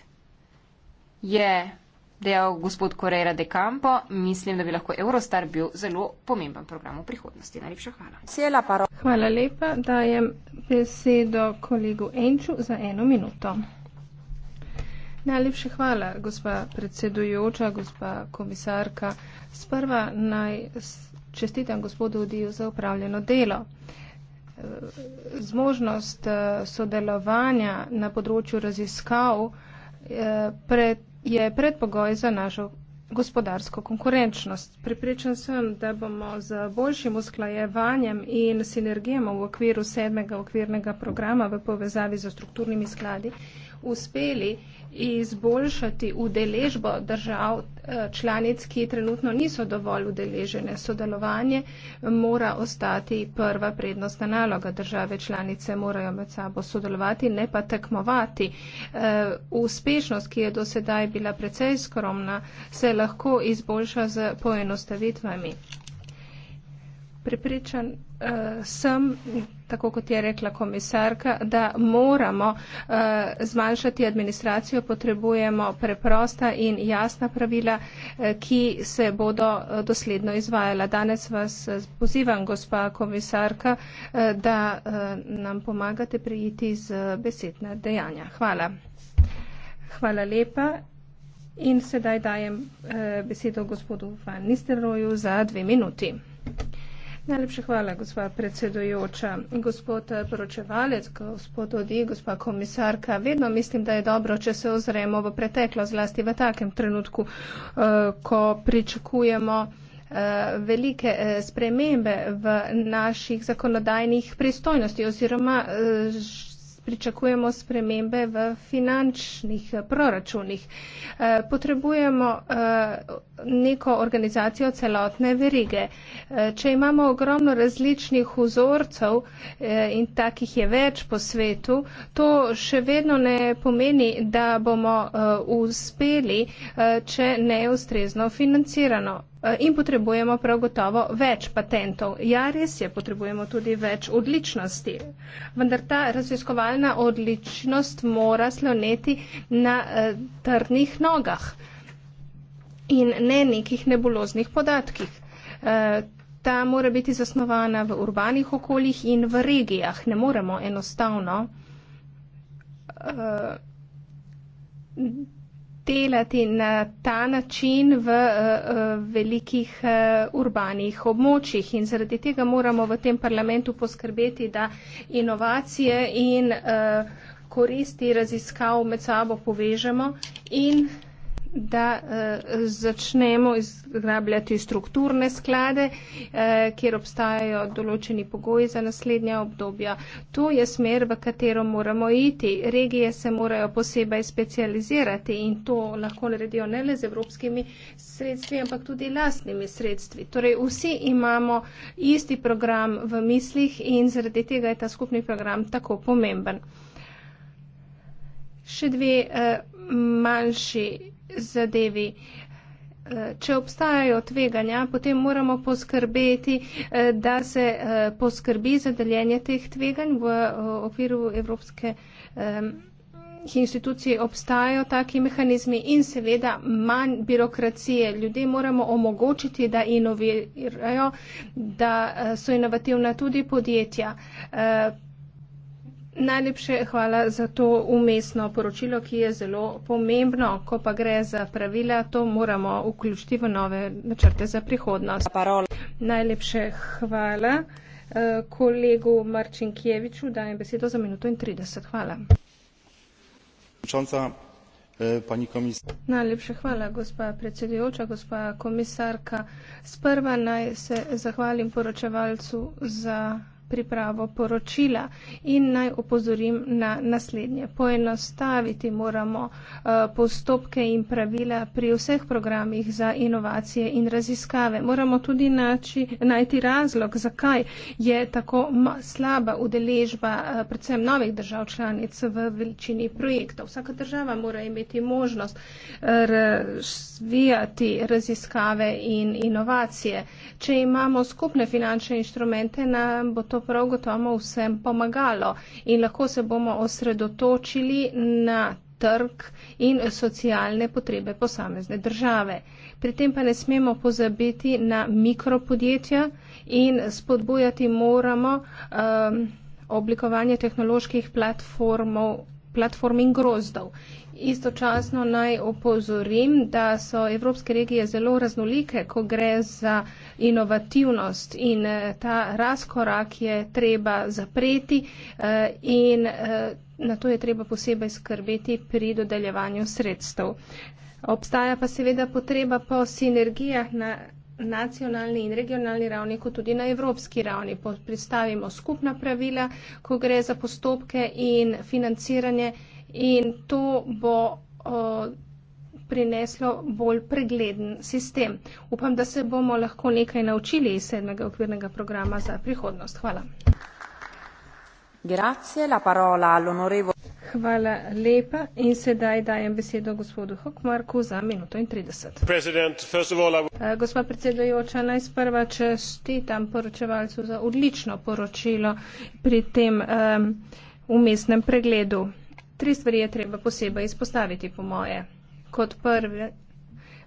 Speaker 5: je dejal gospod Correra de Campo, mislim, da bi lahko Eurostar bil zelo pomemben program v prihodnosti. Najlepša
Speaker 6: hvala. Hvala lepa, dajem besedo kolegu Enču za eno minuto. Najlepša hvala, gospa predsedujoča, gospa komisarka. Sprva naj. Se čestitam gospodu Odiju za upravljeno delo. Zmožnost eh, sodelovanja na področju raziskav eh, je predpogoj za našo gospodarsko konkurenčnost. Pripričan sem, da bomo z boljšim usklajevanjem in sinergijem v okviru sedmega okvirnega programa v povezavi z strukturnimi skladi uspeli izboljšati udeležbo držav eh, članic, ki trenutno niso dovolj udeležene. Sodelovanje mora ostati prva prednostna naloga. Države članice morajo med sabo sodelovati, ne pa tekmovati. Eh, uspešnost, ki je do sedaj bila precej skromna, se lahko izboljša z poenostavitvami. Prepričan uh, sem, tako kot je rekla komisarka, da moramo uh, zmanjšati administracijo, potrebujemo preprosta in jasna pravila, uh, ki se bodo uh, dosledno izvajala. Danes vas pozivam, gospa komisarka, uh, da uh, nam pomagate prijeti z besedne dejanja. Hvala. Hvala lepa. In sedaj dajem uh, besedo gospodu Van Nisteroju za dve minuti. Najlepša hvala, gospa predsedujoča. Gospod eh, poročevalec, gospod Odi, gospa komisarka, vedno mislim, da je dobro, če se ozremo v preteklo, zlasti v takem trenutku, eh, ko pričakujemo eh, velike spremembe v naših zakonodajnih pristojnosti oziroma pričakujemo spremembe v finančnih eh, proračunih. Eh, potrebujemo eh, neko organizacijo celotne verige. Če imamo ogromno različnih vzorcev in takih je več po svetu, to še vedno ne pomeni, da bomo uspeli, če ne ustrezno financirano. Eh, in potrebujemo prav gotovo več patentov. Ja, res je, potrebujemo tudi več odličnosti. Vendar ta raziskovalna odličnost mora sloneti na eh, trdnih nogah in ne nekih nebuloznih podatkih. Eh, ta mora biti zasnovana v urbanih okoljih in v regijah. Ne moremo enostavno. Eh, delati na ta način v uh, velikih uh, urbanih območjih in zaradi tega moramo v tem parlamentu poskrbeti, da inovacije in uh, koristi raziskav med sabo povežemo in da eh, začnemo izgrabljati strukturne sklade, eh, kjer obstajajo določeni pogoji za naslednja obdobja. To je smer, v katero moramo iti. Regije se morajo posebej specializirati in to lahko naredijo ne le z evropskimi sredstvi, ampak tudi lastnimi sredstvi. Torej, vsi imamo isti program v mislih in zaradi tega je ta skupni program tako pomemben. Še dve eh, manjši zadevi. Eh, če obstajajo tveganja, potem moramo poskrbeti, eh, da se eh, poskrbi za deljenje teh tveganj v okviru Evropske institucije. Obstajajo taki mehanizmi in seveda manj birokracije. Ljudje moramo omogočiti, da inovirajo, da so inovativna tudi podjetja. Najlepše hvala za to umestno poročilo, ki je zelo pomembno. Ko pa gre za pravila, to moramo vključiti v nove načrte za prihodnost. Najlepše hvala eh, kolegu Marčinkjeviču, dajem besedo za minuto in 30. Hvala. Eh, Najlepše hvala, gospa predsedujoča, gospa komisarka. Sprva naj se zahvalim poročevalcu za pripravo poročila in naj opozorim na naslednje. Poenostaviti moramo eh, postopke in pravila pri vseh programih za inovacije in raziskave. Moramo tudi nači, najti razlog, zakaj je tako slaba udeležba eh, predvsem novih držav članic v veličini projektov. Vsaka država mora imeti možnost eh, razvijati raziskave in inovacije. Če imamo skupne finančne inštrumente, nam bo to to prav gotovo vsem pomagalo in lahko se bomo osredotočili na trg in socialne potrebe posamezne države. Pri tem pa ne smemo pozabiti na mikropodjetja in spodbujati moramo um, oblikovanje tehnoloških platformov platform in grozdov. Istočasno naj opozorim, da so evropske regije zelo raznolike, ko gre za inovativnost in eh, ta razkorak je treba zapreti eh, in eh, na to je treba posebej skrbeti pri dodeljevanju sredstev. Obstaja pa seveda potreba po sinergijah na nacionalni in regionalni ravni, kot tudi na evropski ravni. Pristavimo skupna pravila, ko gre za postopke in financiranje in to bo o, prineslo bolj pregleden sistem. Upam, da se bomo lahko nekaj naučili iz sedmega okvirnega programa za prihodnost. Hvala. Eh, gospa predsedujoča naj sprva čestitam poročevalcu za odlično poročilo pri tem um, umestnem pregledu. Tri stvari je treba posebej izpostaviti po moje. Kot prve,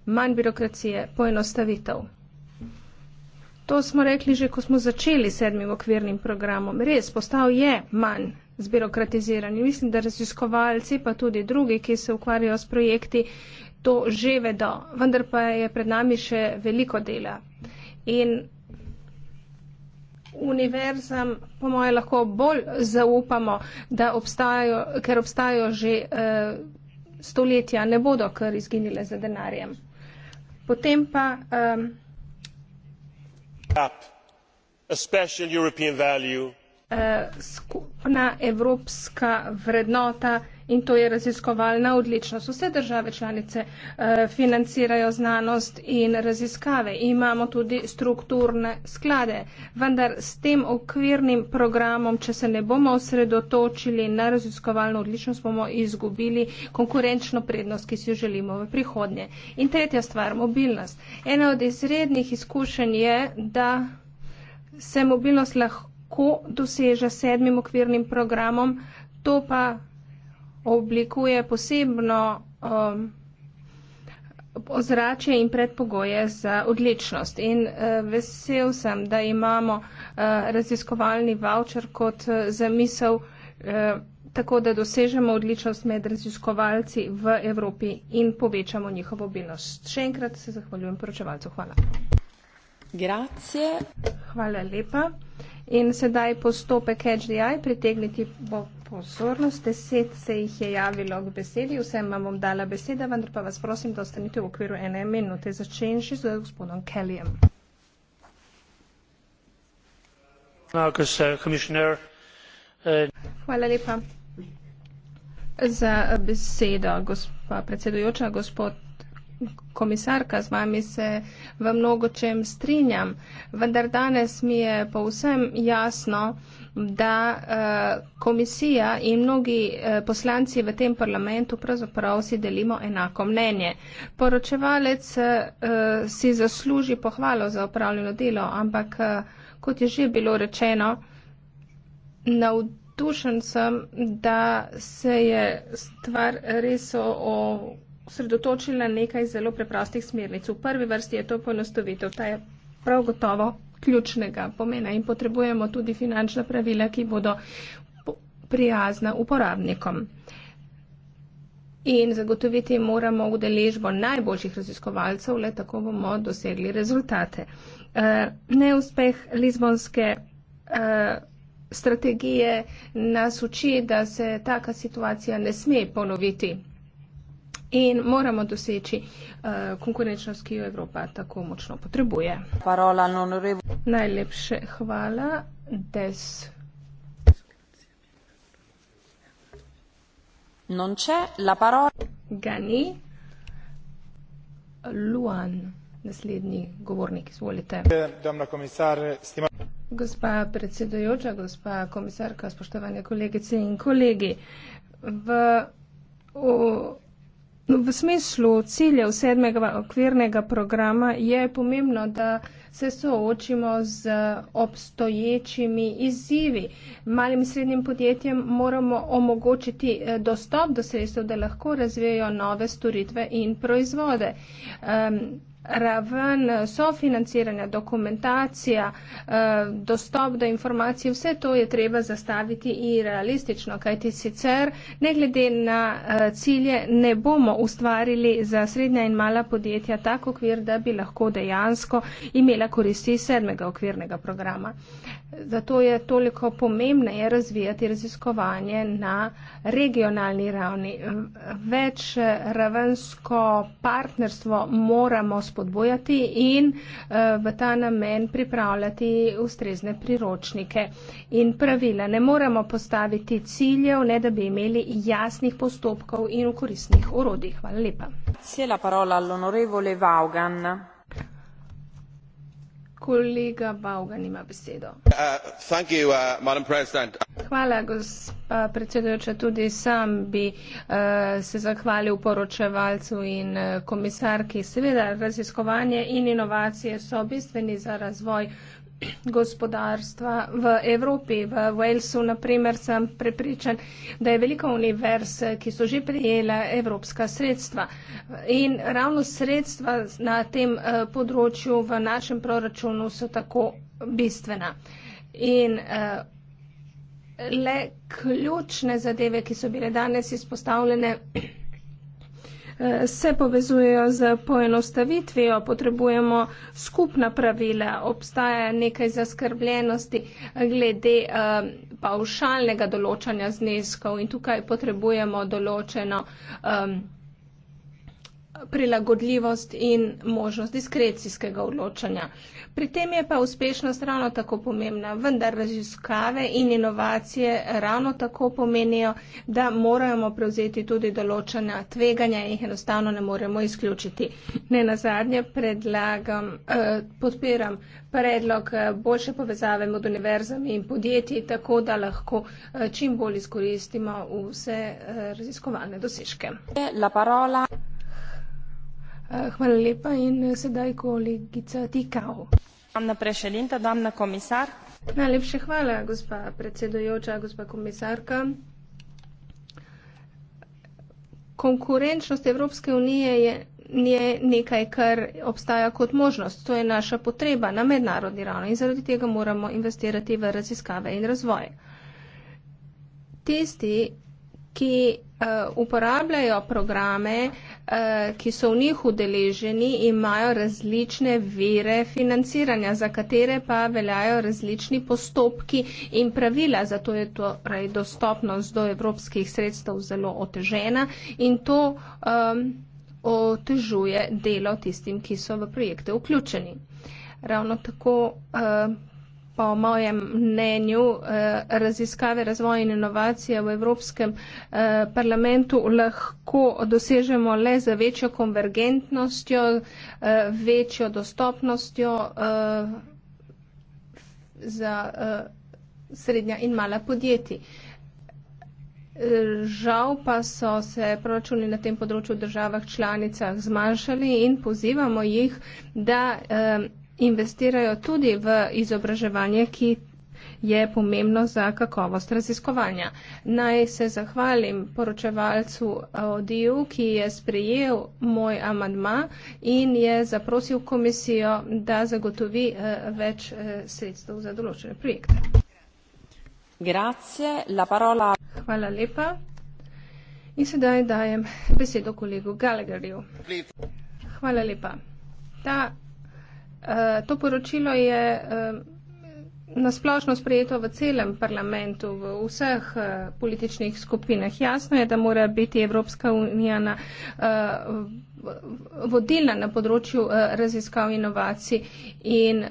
Speaker 6: manj birokracije, poenostavitev to smo rekli že, ko smo začeli s sedmim okvirnim programom. Res, postal je manj zbirokratiziran. Mislim, da raziskovalci, pa tudi drugi, ki se ukvarjajo s projekti, to že vedo. Vendar pa je pred nami še veliko dela. In univerzam, po moje, lahko bolj zaupamo, da obstajajo, ker obstajajo že uh, stoletja, ne bodo kar izginile za denarjem. Potem pa. Um,
Speaker 3: cap a special european value.
Speaker 6: Eh, in to je raziskovalna odličnost. Vse države članice eh, financirajo znanost in raziskave. Imamo tudi strukturne sklade, vendar s tem okvirnim programom, če se ne bomo osredotočili na raziskovalno odličnost, bomo izgubili konkurenčno prednost, ki si jo želimo v prihodnje. In tretja stvar, mobilnost. Ena od izrednih izkušenj je, da se mobilnost lahko doseže sedmim okvirnim programom, to pa oblikuje posebno um, ozračje in predpogoje za odličnost. In uh, vesel sem, da imamo uh, raziskovalni voucher kot uh, zamisel, uh, tako da dosežemo odličnost med raziskovalci v Evropi in povečamo njihovo mobilnost. Še enkrat se zahvaljujem poročevalcu. Hvala. Grazie. Hvala lepa. In sedaj postopek HDI, pritegniti bo pozornost, deset se jih je javilo k besedi, vsem vam bom dala besede, vendar pa vas prosim, da ostanite v okviru ene minute. Začenši z gospodom Kellyem. Hvala lepa za besedo, gospa predsedujoča, gospod komisarka, z vami se v mnogo čem strinjam, vendar danes mi je povsem jasno, da eh, komisija in mnogi eh, poslanci v tem parlamentu pravzaprav si delimo enako mnenje. Poročevalec eh, si zasluži pohvalo za opravljeno delo, ampak kot je že bilo rečeno, navdušen sem, da se je stvar res o. o osredotočili na nekaj zelo preprostih smernic. V prvi vrsti je to poenostavitev. Ta je prav gotovo ključnega pomena in potrebujemo tudi finančna pravila, ki bodo prijazna uporabnikom. In zagotoviti moramo udeležbo najboljših raziskovalcev, le tako bomo dosegli rezultate. Eh, neuspeh Lizbonske eh, strategije nas uči, da se taka situacija ne sme ponoviti in moramo doseči uh, konkurenčnost, ki jo Evropa tako močno potrebuje. Parola non revo. Najlepše hvala. Des.
Speaker 4: Non c'è la parola. Gani.
Speaker 6: Luan, naslednji govornik, izvolite. Gospa predsedojoča, gospa komisarka, spoštovane kolegice in kolegi. V, v V smislu ciljev sedmega okvirnega programa je pomembno, da se soočimo z obstoječimi izzivi. Malim in srednjim podjetjem moramo omogočiti eh, dostop do sredstev, da lahko razvijajo nove storitve in proizvode. Um, raven sofinanciranja, dokumentacija, eh, dostop do informacij, vse to je treba zastaviti in realistično, kajti sicer ne glede na eh, cilje ne bomo ustvarili za srednja in mala podjetja tak okvir, da bi lahko dejansko imela koristi sedmega okvirnega programa. Zato je toliko pomembneje razvijati raziskovanje na regionalni ravni. Več ravensko partnerstvo moramo spodbojati in eh, v ta namen pripravljati ustrezne priročnike in pravila. Ne moramo postaviti ciljev, ne da bi imeli jasnih postopkov in koristnih orodij. Hvala lepa kolega Baugan ima besedo.
Speaker 3: Uh, uh,
Speaker 6: Hvala, gospa predsedujoča. Tudi sam bi uh, se zahvalil poročevalcu in uh, komisarki. Seveda, raziskovanje in inovacije so bistveni za razvoj uh, gospodarstva v Evropi. V Walesu, na primer, sem prepričan, da je veliko univerz, ki so že prijele evropska sredstva. In ravno sredstva na tem eh, področju v našem proračunu so tako bistvena. In eh, le ključne zadeve, ki so bile danes izpostavljene, se povezujejo z poenostavitvijo, potrebujemo skupna pravila, obstaja nekaj zaskrbljenosti glede eh, pa ušalnega določanja zneskov in tukaj potrebujemo določeno um, prilagodljivost in možnost diskrecijskega odločanja. Pri tem je pa uspešnost ravno tako pomembna, vendar raziskave in inovacije ravno tako pomenijo, da moramo prevzeti tudi določena tveganja in jih enostavno ne moremo izključiti. Ne na zadnje predlagam, eh, podpiram predlog eh, boljše povezave med univerzami in podjetji, tako da lahko eh, čim bolj izkoristimo vse eh, raziskovalne dosežke. La parola. Eh, hvala lepa in eh, sedaj kolegica Tikao. Damna prešelinta, damna komisar. Najlepše hvala, gospa predsedojoča, gospa komisarka. Konkurenčnost Evropske unije je, je nekaj, kar obstaja kot možnost. To je naša potreba na mednarodni ravni in zaradi tega moramo investirati v raziskave in razvoj. Tisti, ki uh, uporabljajo programe uh, Eh, ki so v njih udeleženi, imajo različne vere financiranja, za katere pa veljajo različni postopki in pravila. Zato je torej dostopnost do evropskih sredstev zelo otežena in to um, otežuje delo tistim, ki so v projekte vključeni. Ravno tako uh, po mojem mnenju eh, raziskave, razvoj in inovacije v Evropskem eh, parlamentu lahko dosežemo le za večjo konvergentnostjo, eh, večjo dostopnostjo za srednja in mala podjetji. Žal pa so se proračuni na tem področju v državah članicah zmanjšali in pozivamo jih, da investirajo tudi v izobraževanje, ki je pomembno za kakovost raziskovanja. Naj se zahvalim poročevalcu ODU, ki je sprejel moj amadma in je zaprosil komisijo, da zagotovi eh, več eh, sredstev za določene projekte. Grazie, la parola. Hvala lepa. In sedaj dajem besedo kolegu Gallagherju. Hvala lepa. Ta Eh, to poročilo je eh, nasplošno sprejeto v celem parlamentu, v vseh eh, političnih skupinah. Jasno je, da mora biti Evropska unija na, vodilna na področju raziskav inovacij in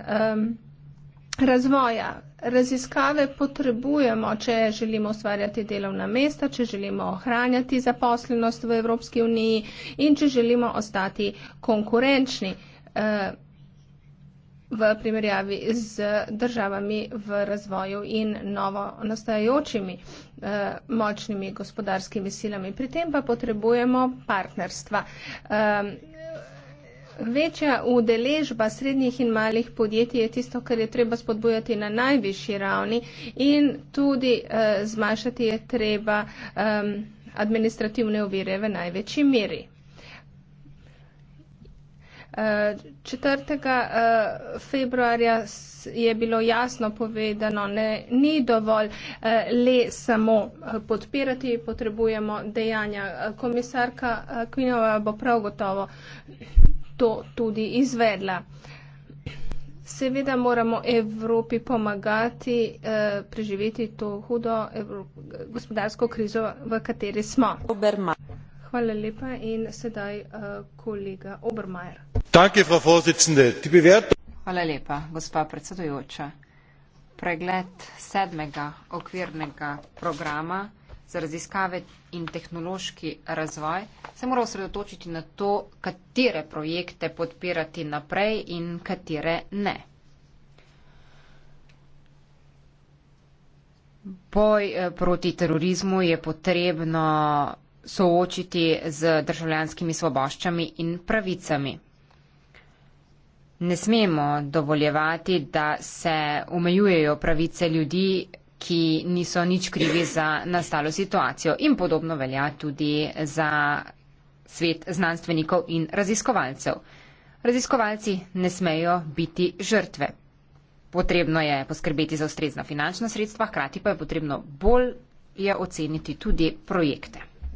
Speaker 6: razvoja. Raziskave potrebujemo, če želimo ustvarjati delovna mesta, če želimo ohranjati zaposlenost v Evropski uniji in če želimo ostati konkurenčni. Uh, v primerjavi z državami v razvoju in novo nastajajočimi eh, močnimi gospodarskimi silami. Pri tem pa potrebujemo partnerstva. Eh, večja udeležba srednjih in malih podjetij je tisto, kar je treba spodbujati na najvišji ravni in tudi eh, zmanjšati je treba eh, administrativne ovire v največji meri. 4. Eh, eh, februarja je bilo jasno povedano, ne, ni dovolj eh, le samo podpirati, potrebujemo dejanja. Komisarka Kvinova bo prav gotovo to tudi izvedla. Seveda moramo Evropi pomagati eh, preživeti to hudo evro, gospodarsko krizo, v kateri smo. Obermar. Hvala lepa in sedaj uh, kolega Obermajer.
Speaker 5: Hvala lepa, gospa predsedujoča. Pregled sedmega okvirnega programa za raziskave in tehnološki razvoj se mora osredotočiti na to, katere projekte podpirati naprej in katere ne. Boj eh, proti terorizmu je potrebno soočiti z državljanskimi svoboščami in pravicami. Ne smemo dovoljevati, da se omejujejo pravice ljudi, ki niso nič krivi za nastalo situacijo in podobno velja tudi za svet znanstvenikov in raziskovalcev. Raziskovalci ne smejo biti žrtve. Potrebno je poskrbeti za ustrezna finančna sredstva, hkrati pa je potrebno bolje oceniti tudi projekte.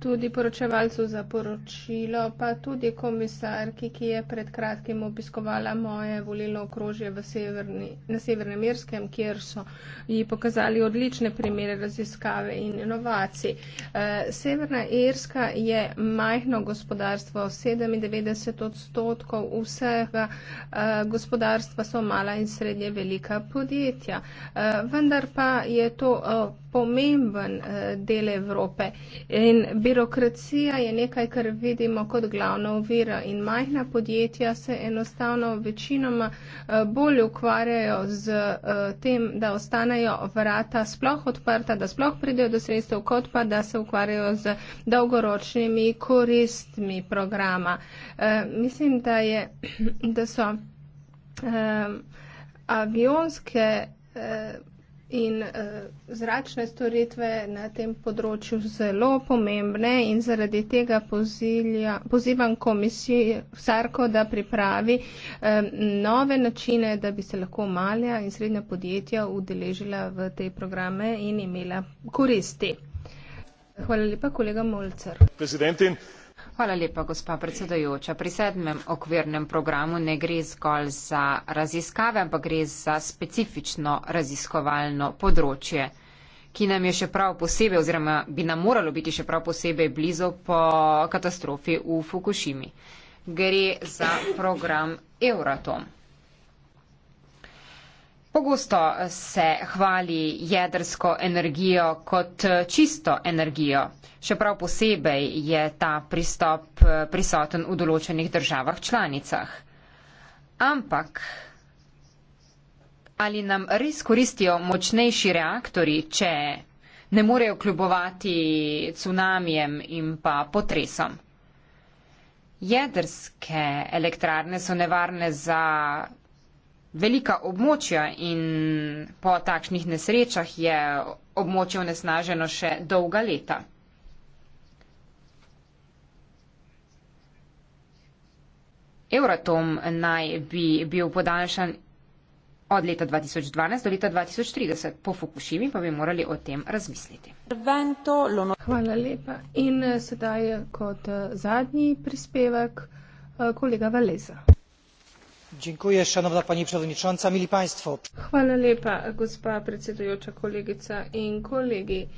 Speaker 6: tudi poročevalcu za poročilo, pa tudi komisarki, ki je pred kratkim obiskovala moje volilno okrožje severni, na Severnem Irskem, kjer so ji pokazali odlične primere raziskave in inovacij. Eh, Severna Irska je majhno gospodarstvo, 97 odstotkov vsega eh, gospodarstva so mala in srednje velika podjetja. Eh, vendar pa je to pomemben eh, del Evrope. In birokracija je nekaj, kar vidimo kot glavno uvira in majhna podjetja se enostavno večinoma eh, bolj ukvarjajo z eh, tem, da ostanejo vrata sploh odprta, da sploh pridejo do sredstev, kot pa da se ukvarjajo z dolgoročnimi koristmi programa. Mislim, da, je, da so avionske In uh, zračne storitve na tem področju zelo pomembne in zaradi tega pozilja, pozivam komisijo vsarko, da pripravi um, nove načine, da bi se lahko malja in srednja podjetja udeležila v te programe in imela koristi pri sedmem okvirnem
Speaker 5: programu ne gre zgolj za raziskave, ampak gre za specifično raziskovalno področje, ki nam je še prav posebej oziroma bi nam moralo biti še prav posebej blizu po katastrofi v Fukushimi. Gre za program Euratom. Pogosto se hvali jedrsko energijo kot čisto energijo. Še prav posebej je ta pristop eh, prisoten v določenih državah članicah. Ampak ali nam res koristijo močnejši reaktori, če ne morejo kljubovati cunamijem in pa potresom? Jedrske elektrarne so nevarne za velika območja in po takšnih nesrečah je območje onesnaženo še dolga leta. Euratom naj bi bil podaljšan od leta 2012 do leta 2030. Po Fukushimi pa bi morali o tem razmisliti.
Speaker 6: Hvala lepa. In eh, sedaj kot eh, zadnji prispevek eh, kolega Valeza.
Speaker 3: Dziękuję, szanowna pani przewodnicząca, mili państwo.
Speaker 6: Hvala lepa, gospa predsedujoča, kolegica in kolegi.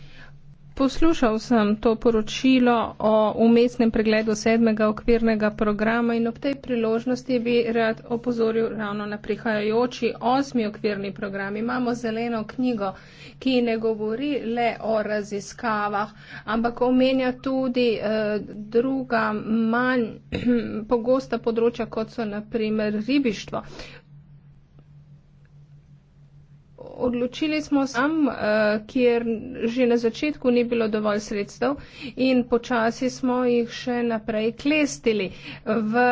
Speaker 6: Poslušal sem to poročilo o umestnem pregledu sedmega okvirnega programa in ob tej priložnosti bi rad opozoril ravno na prihajajoči osmi okvirni program. Imamo zeleno knjigo, ki ne govori le o raziskavah, ampak omenja tudi eh, druga manj pogosta področja, kot so naprimer ribištvo odločili smo sam, uh, kjer že na začetku ni bilo dovolj sredstev in počasi smo jih še naprej klestili. V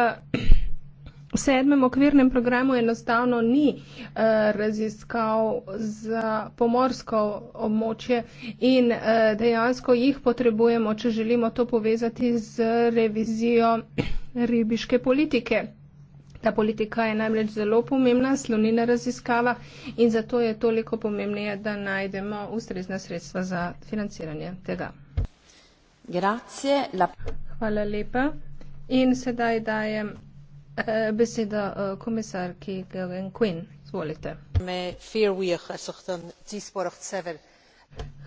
Speaker 6: sedmem okvirnem programu enostavno ni uh, eh, raziskal za pomorsko območje in uh, dejansko jih potrebujemo, če želimo to povezati z revizijo ribiške politike. Ta politika je namreč zelo pomembna, sloni na raziskavah in zato je toliko pomembnije, da najdemo ustrezna sredstva za financiranje tega. Grazie, la... Hvala lepa. In sedaj dajem eh, besedo eh, komisarki Gelgen Quinn. Izvolite.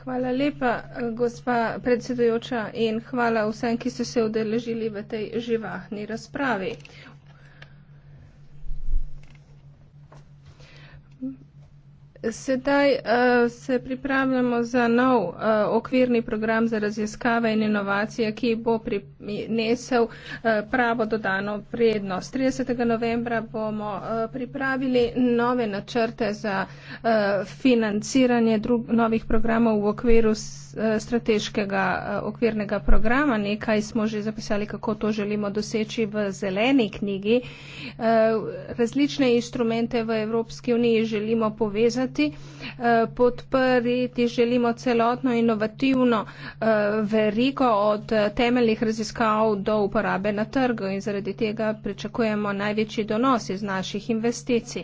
Speaker 6: Hvala lepa, eh, gospa predsedujoča, in hvala vsem, ki ste se udeležili v tej živahni razpravi. sedaj uh, se pripravljamo za nov uh, okvirni program za raziskave in inovacije, ki bo prinesel uh, pravo dodano vrednost. 30. novembra bomo uh, pripravili nove načrte za uh, financiranje novih programov v okviru Eh, strateškega eh, okvirnega programa, nekaj smo že zapisali, kako to želimo doseči v zeleni knjigi. Eh, različne instrumente v Evropski uniji želimo povezati, podpriti želimo celotno inovativno verigo od temeljnih raziskav do uporabe na trgu in zaradi tega pričakujemo največji donos iz naših investicij.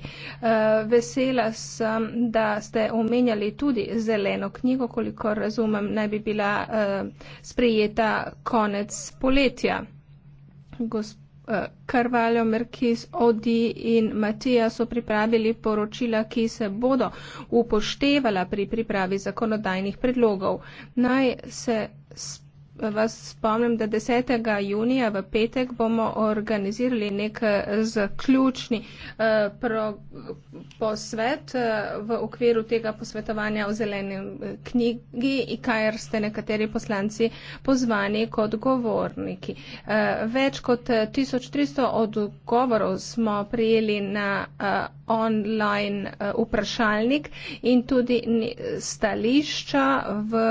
Speaker 6: Vesela sem, da ste omenjali tudi zeleno knjigo, koliko razumem sporazumem naj bi bila uh, sprejeta konec poletja. Gosp Karvaljo, eh, Merkis, Odi in Matija so pripravili poročila, ki se bodo upoštevala pri pripravi zakonodajnih predlogov. Naj se spomnim vas spomnim, da 10. junija v petek bomo organizirali nek eh, zaključni eh, posvet eh, v okviru tega posvetovanja o zelenem knjigi, kajer ste nekateri poslanci pozvani kot govorniki. Več kot 1300 odgovorov smo prijeli na online vprašalnik in tudi stališča v,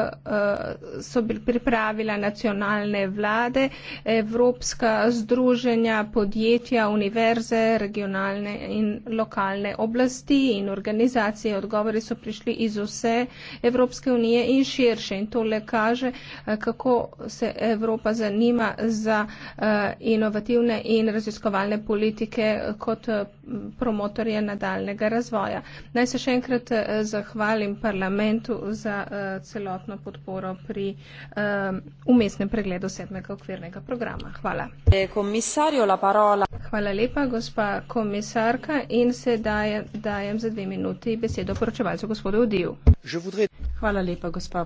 Speaker 6: so pripravila nacionalne vlade, evropska združenja, podjetja, univerze, regionalne in lokalne oblasti in organizacije. Odgovori so prišli iz vse Evropske unije in širše. In tole kaže, eh, kako se Evropa zanima za eh, inovativne in raziskovalne politike eh, kot promotorje nadaljnega razvoja. Naj se še enkrat zahvalim parlamentu za celotno podporo pri umestnem pregledu sedmega okvirnega programa. Hvala. Eh, Hvala lepa, gospa komisarka, in sedaj dajem za dve minuti besedo poročevalcu gospodu
Speaker 4: Odiju. Hvala lepa, gospa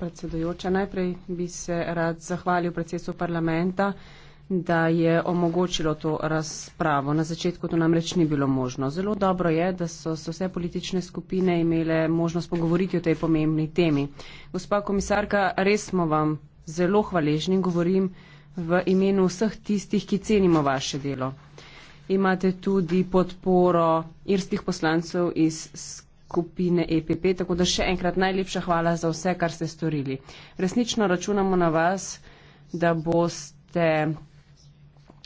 Speaker 4: predsedujoča. Najprej bi se rad zahvalil predsedstvu parlamenta, da je omogočilo to razpravo. Na začetku to namreč ni bilo možno. Zelo dobro je, da so se vse politične skupine imele možnost pogovoriti o tej pomembni temi. Gospa komisarka, res smo vam zelo hvaležni, govorim v imenu vseh tistih, ki cenimo vaše delo. Imate tudi podporo irskih poslancev iz skupine EPP, tako da še enkrat najlepša hvala za vse, kar ste storili. Resnično računamo na vas, da boste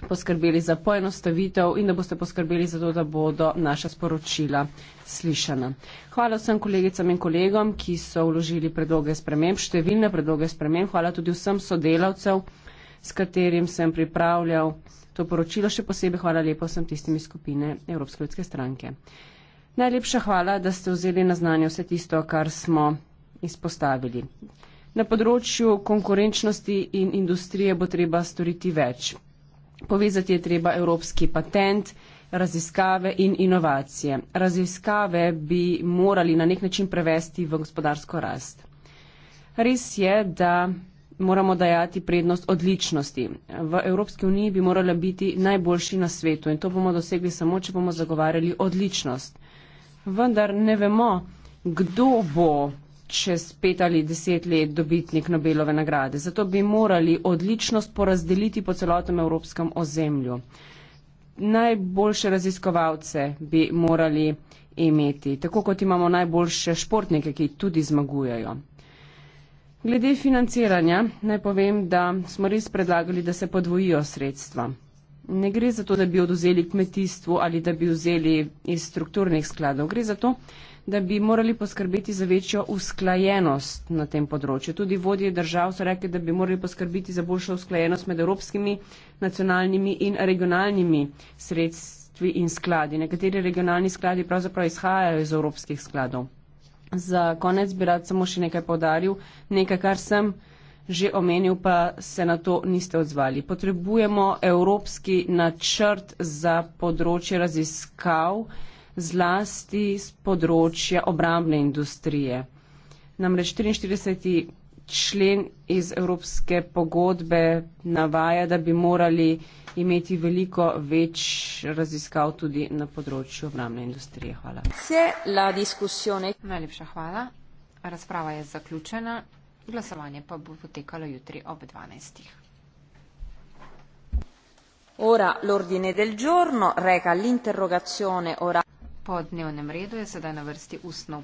Speaker 4: poskrbeli za poenostavitev in da boste poskrbeli za to, da bodo naša sporočila slišana. Hvala vsem kolegicam in kolegom, ki so vložili predloge sprememb, številne predloge sprememb. Hvala tudi vsem sodelavcev, s katerim sem pripravljal to poročilo. Še posebej hvala lepo vsem tistim iz skupine Evropske ljudske stranke. Najlepša hvala, da ste vzeli na znanje vse tisto, kar smo izpostavili. Na področju konkurenčnosti in industrije bo treba storiti več. Povezati je treba evropski patent, raziskave in inovacije. Raziskave bi morali na nek način prevesti v gospodarsko rast. Res je, da moramo dajati prednost odličnosti. V Evropski uniji bi morala biti najboljši na svetu in to bomo dosegli samo, če bomo zagovarjali odličnost. Vendar ne vemo, kdo bo čez pet ali deset let dobitnik Nobelove nagrade. Zato bi morali odličnost porazdeliti po celotnem evropskem ozemlju. Najboljše raziskovalce bi morali imeti, tako kot imamo najboljše športnike, ki tudi zmagujejo. Glede financiranja naj povem, da smo res predlagali, da se podvojijo sredstva. Ne gre za to, da bi oduzeli kmetijstvu ali da bi vzeli iz strukturnih skladov. Gre za to, da bi morali poskrbeti za večjo usklajenost na tem področju. Tudi vodje držav so rekli, da bi morali poskrbeti za boljšo usklajenost med evropskimi, nacionalnimi in regionalnimi sredstvi in skladi. Nekateri regionalni skladi pravzaprav izhajajo iz evropskih skladov. Za konec bi rad samo še nekaj podaril, nekaj, kar sem že omenil, pa se na to niste odzvali. Potrebujemo evropski načrt za področje raziskav zlasti z področja obrambne industrije. Namreč 44. člen iz Evropske pogodbe navaja, da bi morali imeti veliko več raziskav tudi na področju obrambne industrije. Hvala. Najlepša
Speaker 5: hvala. Razprava je zaključena. Glasovanje pa bo potekalo jutri ob 12. Ora l'ordine del giorno reca l'interrogazione orale. Po dnevnem redu je sedaj na vrsti ustno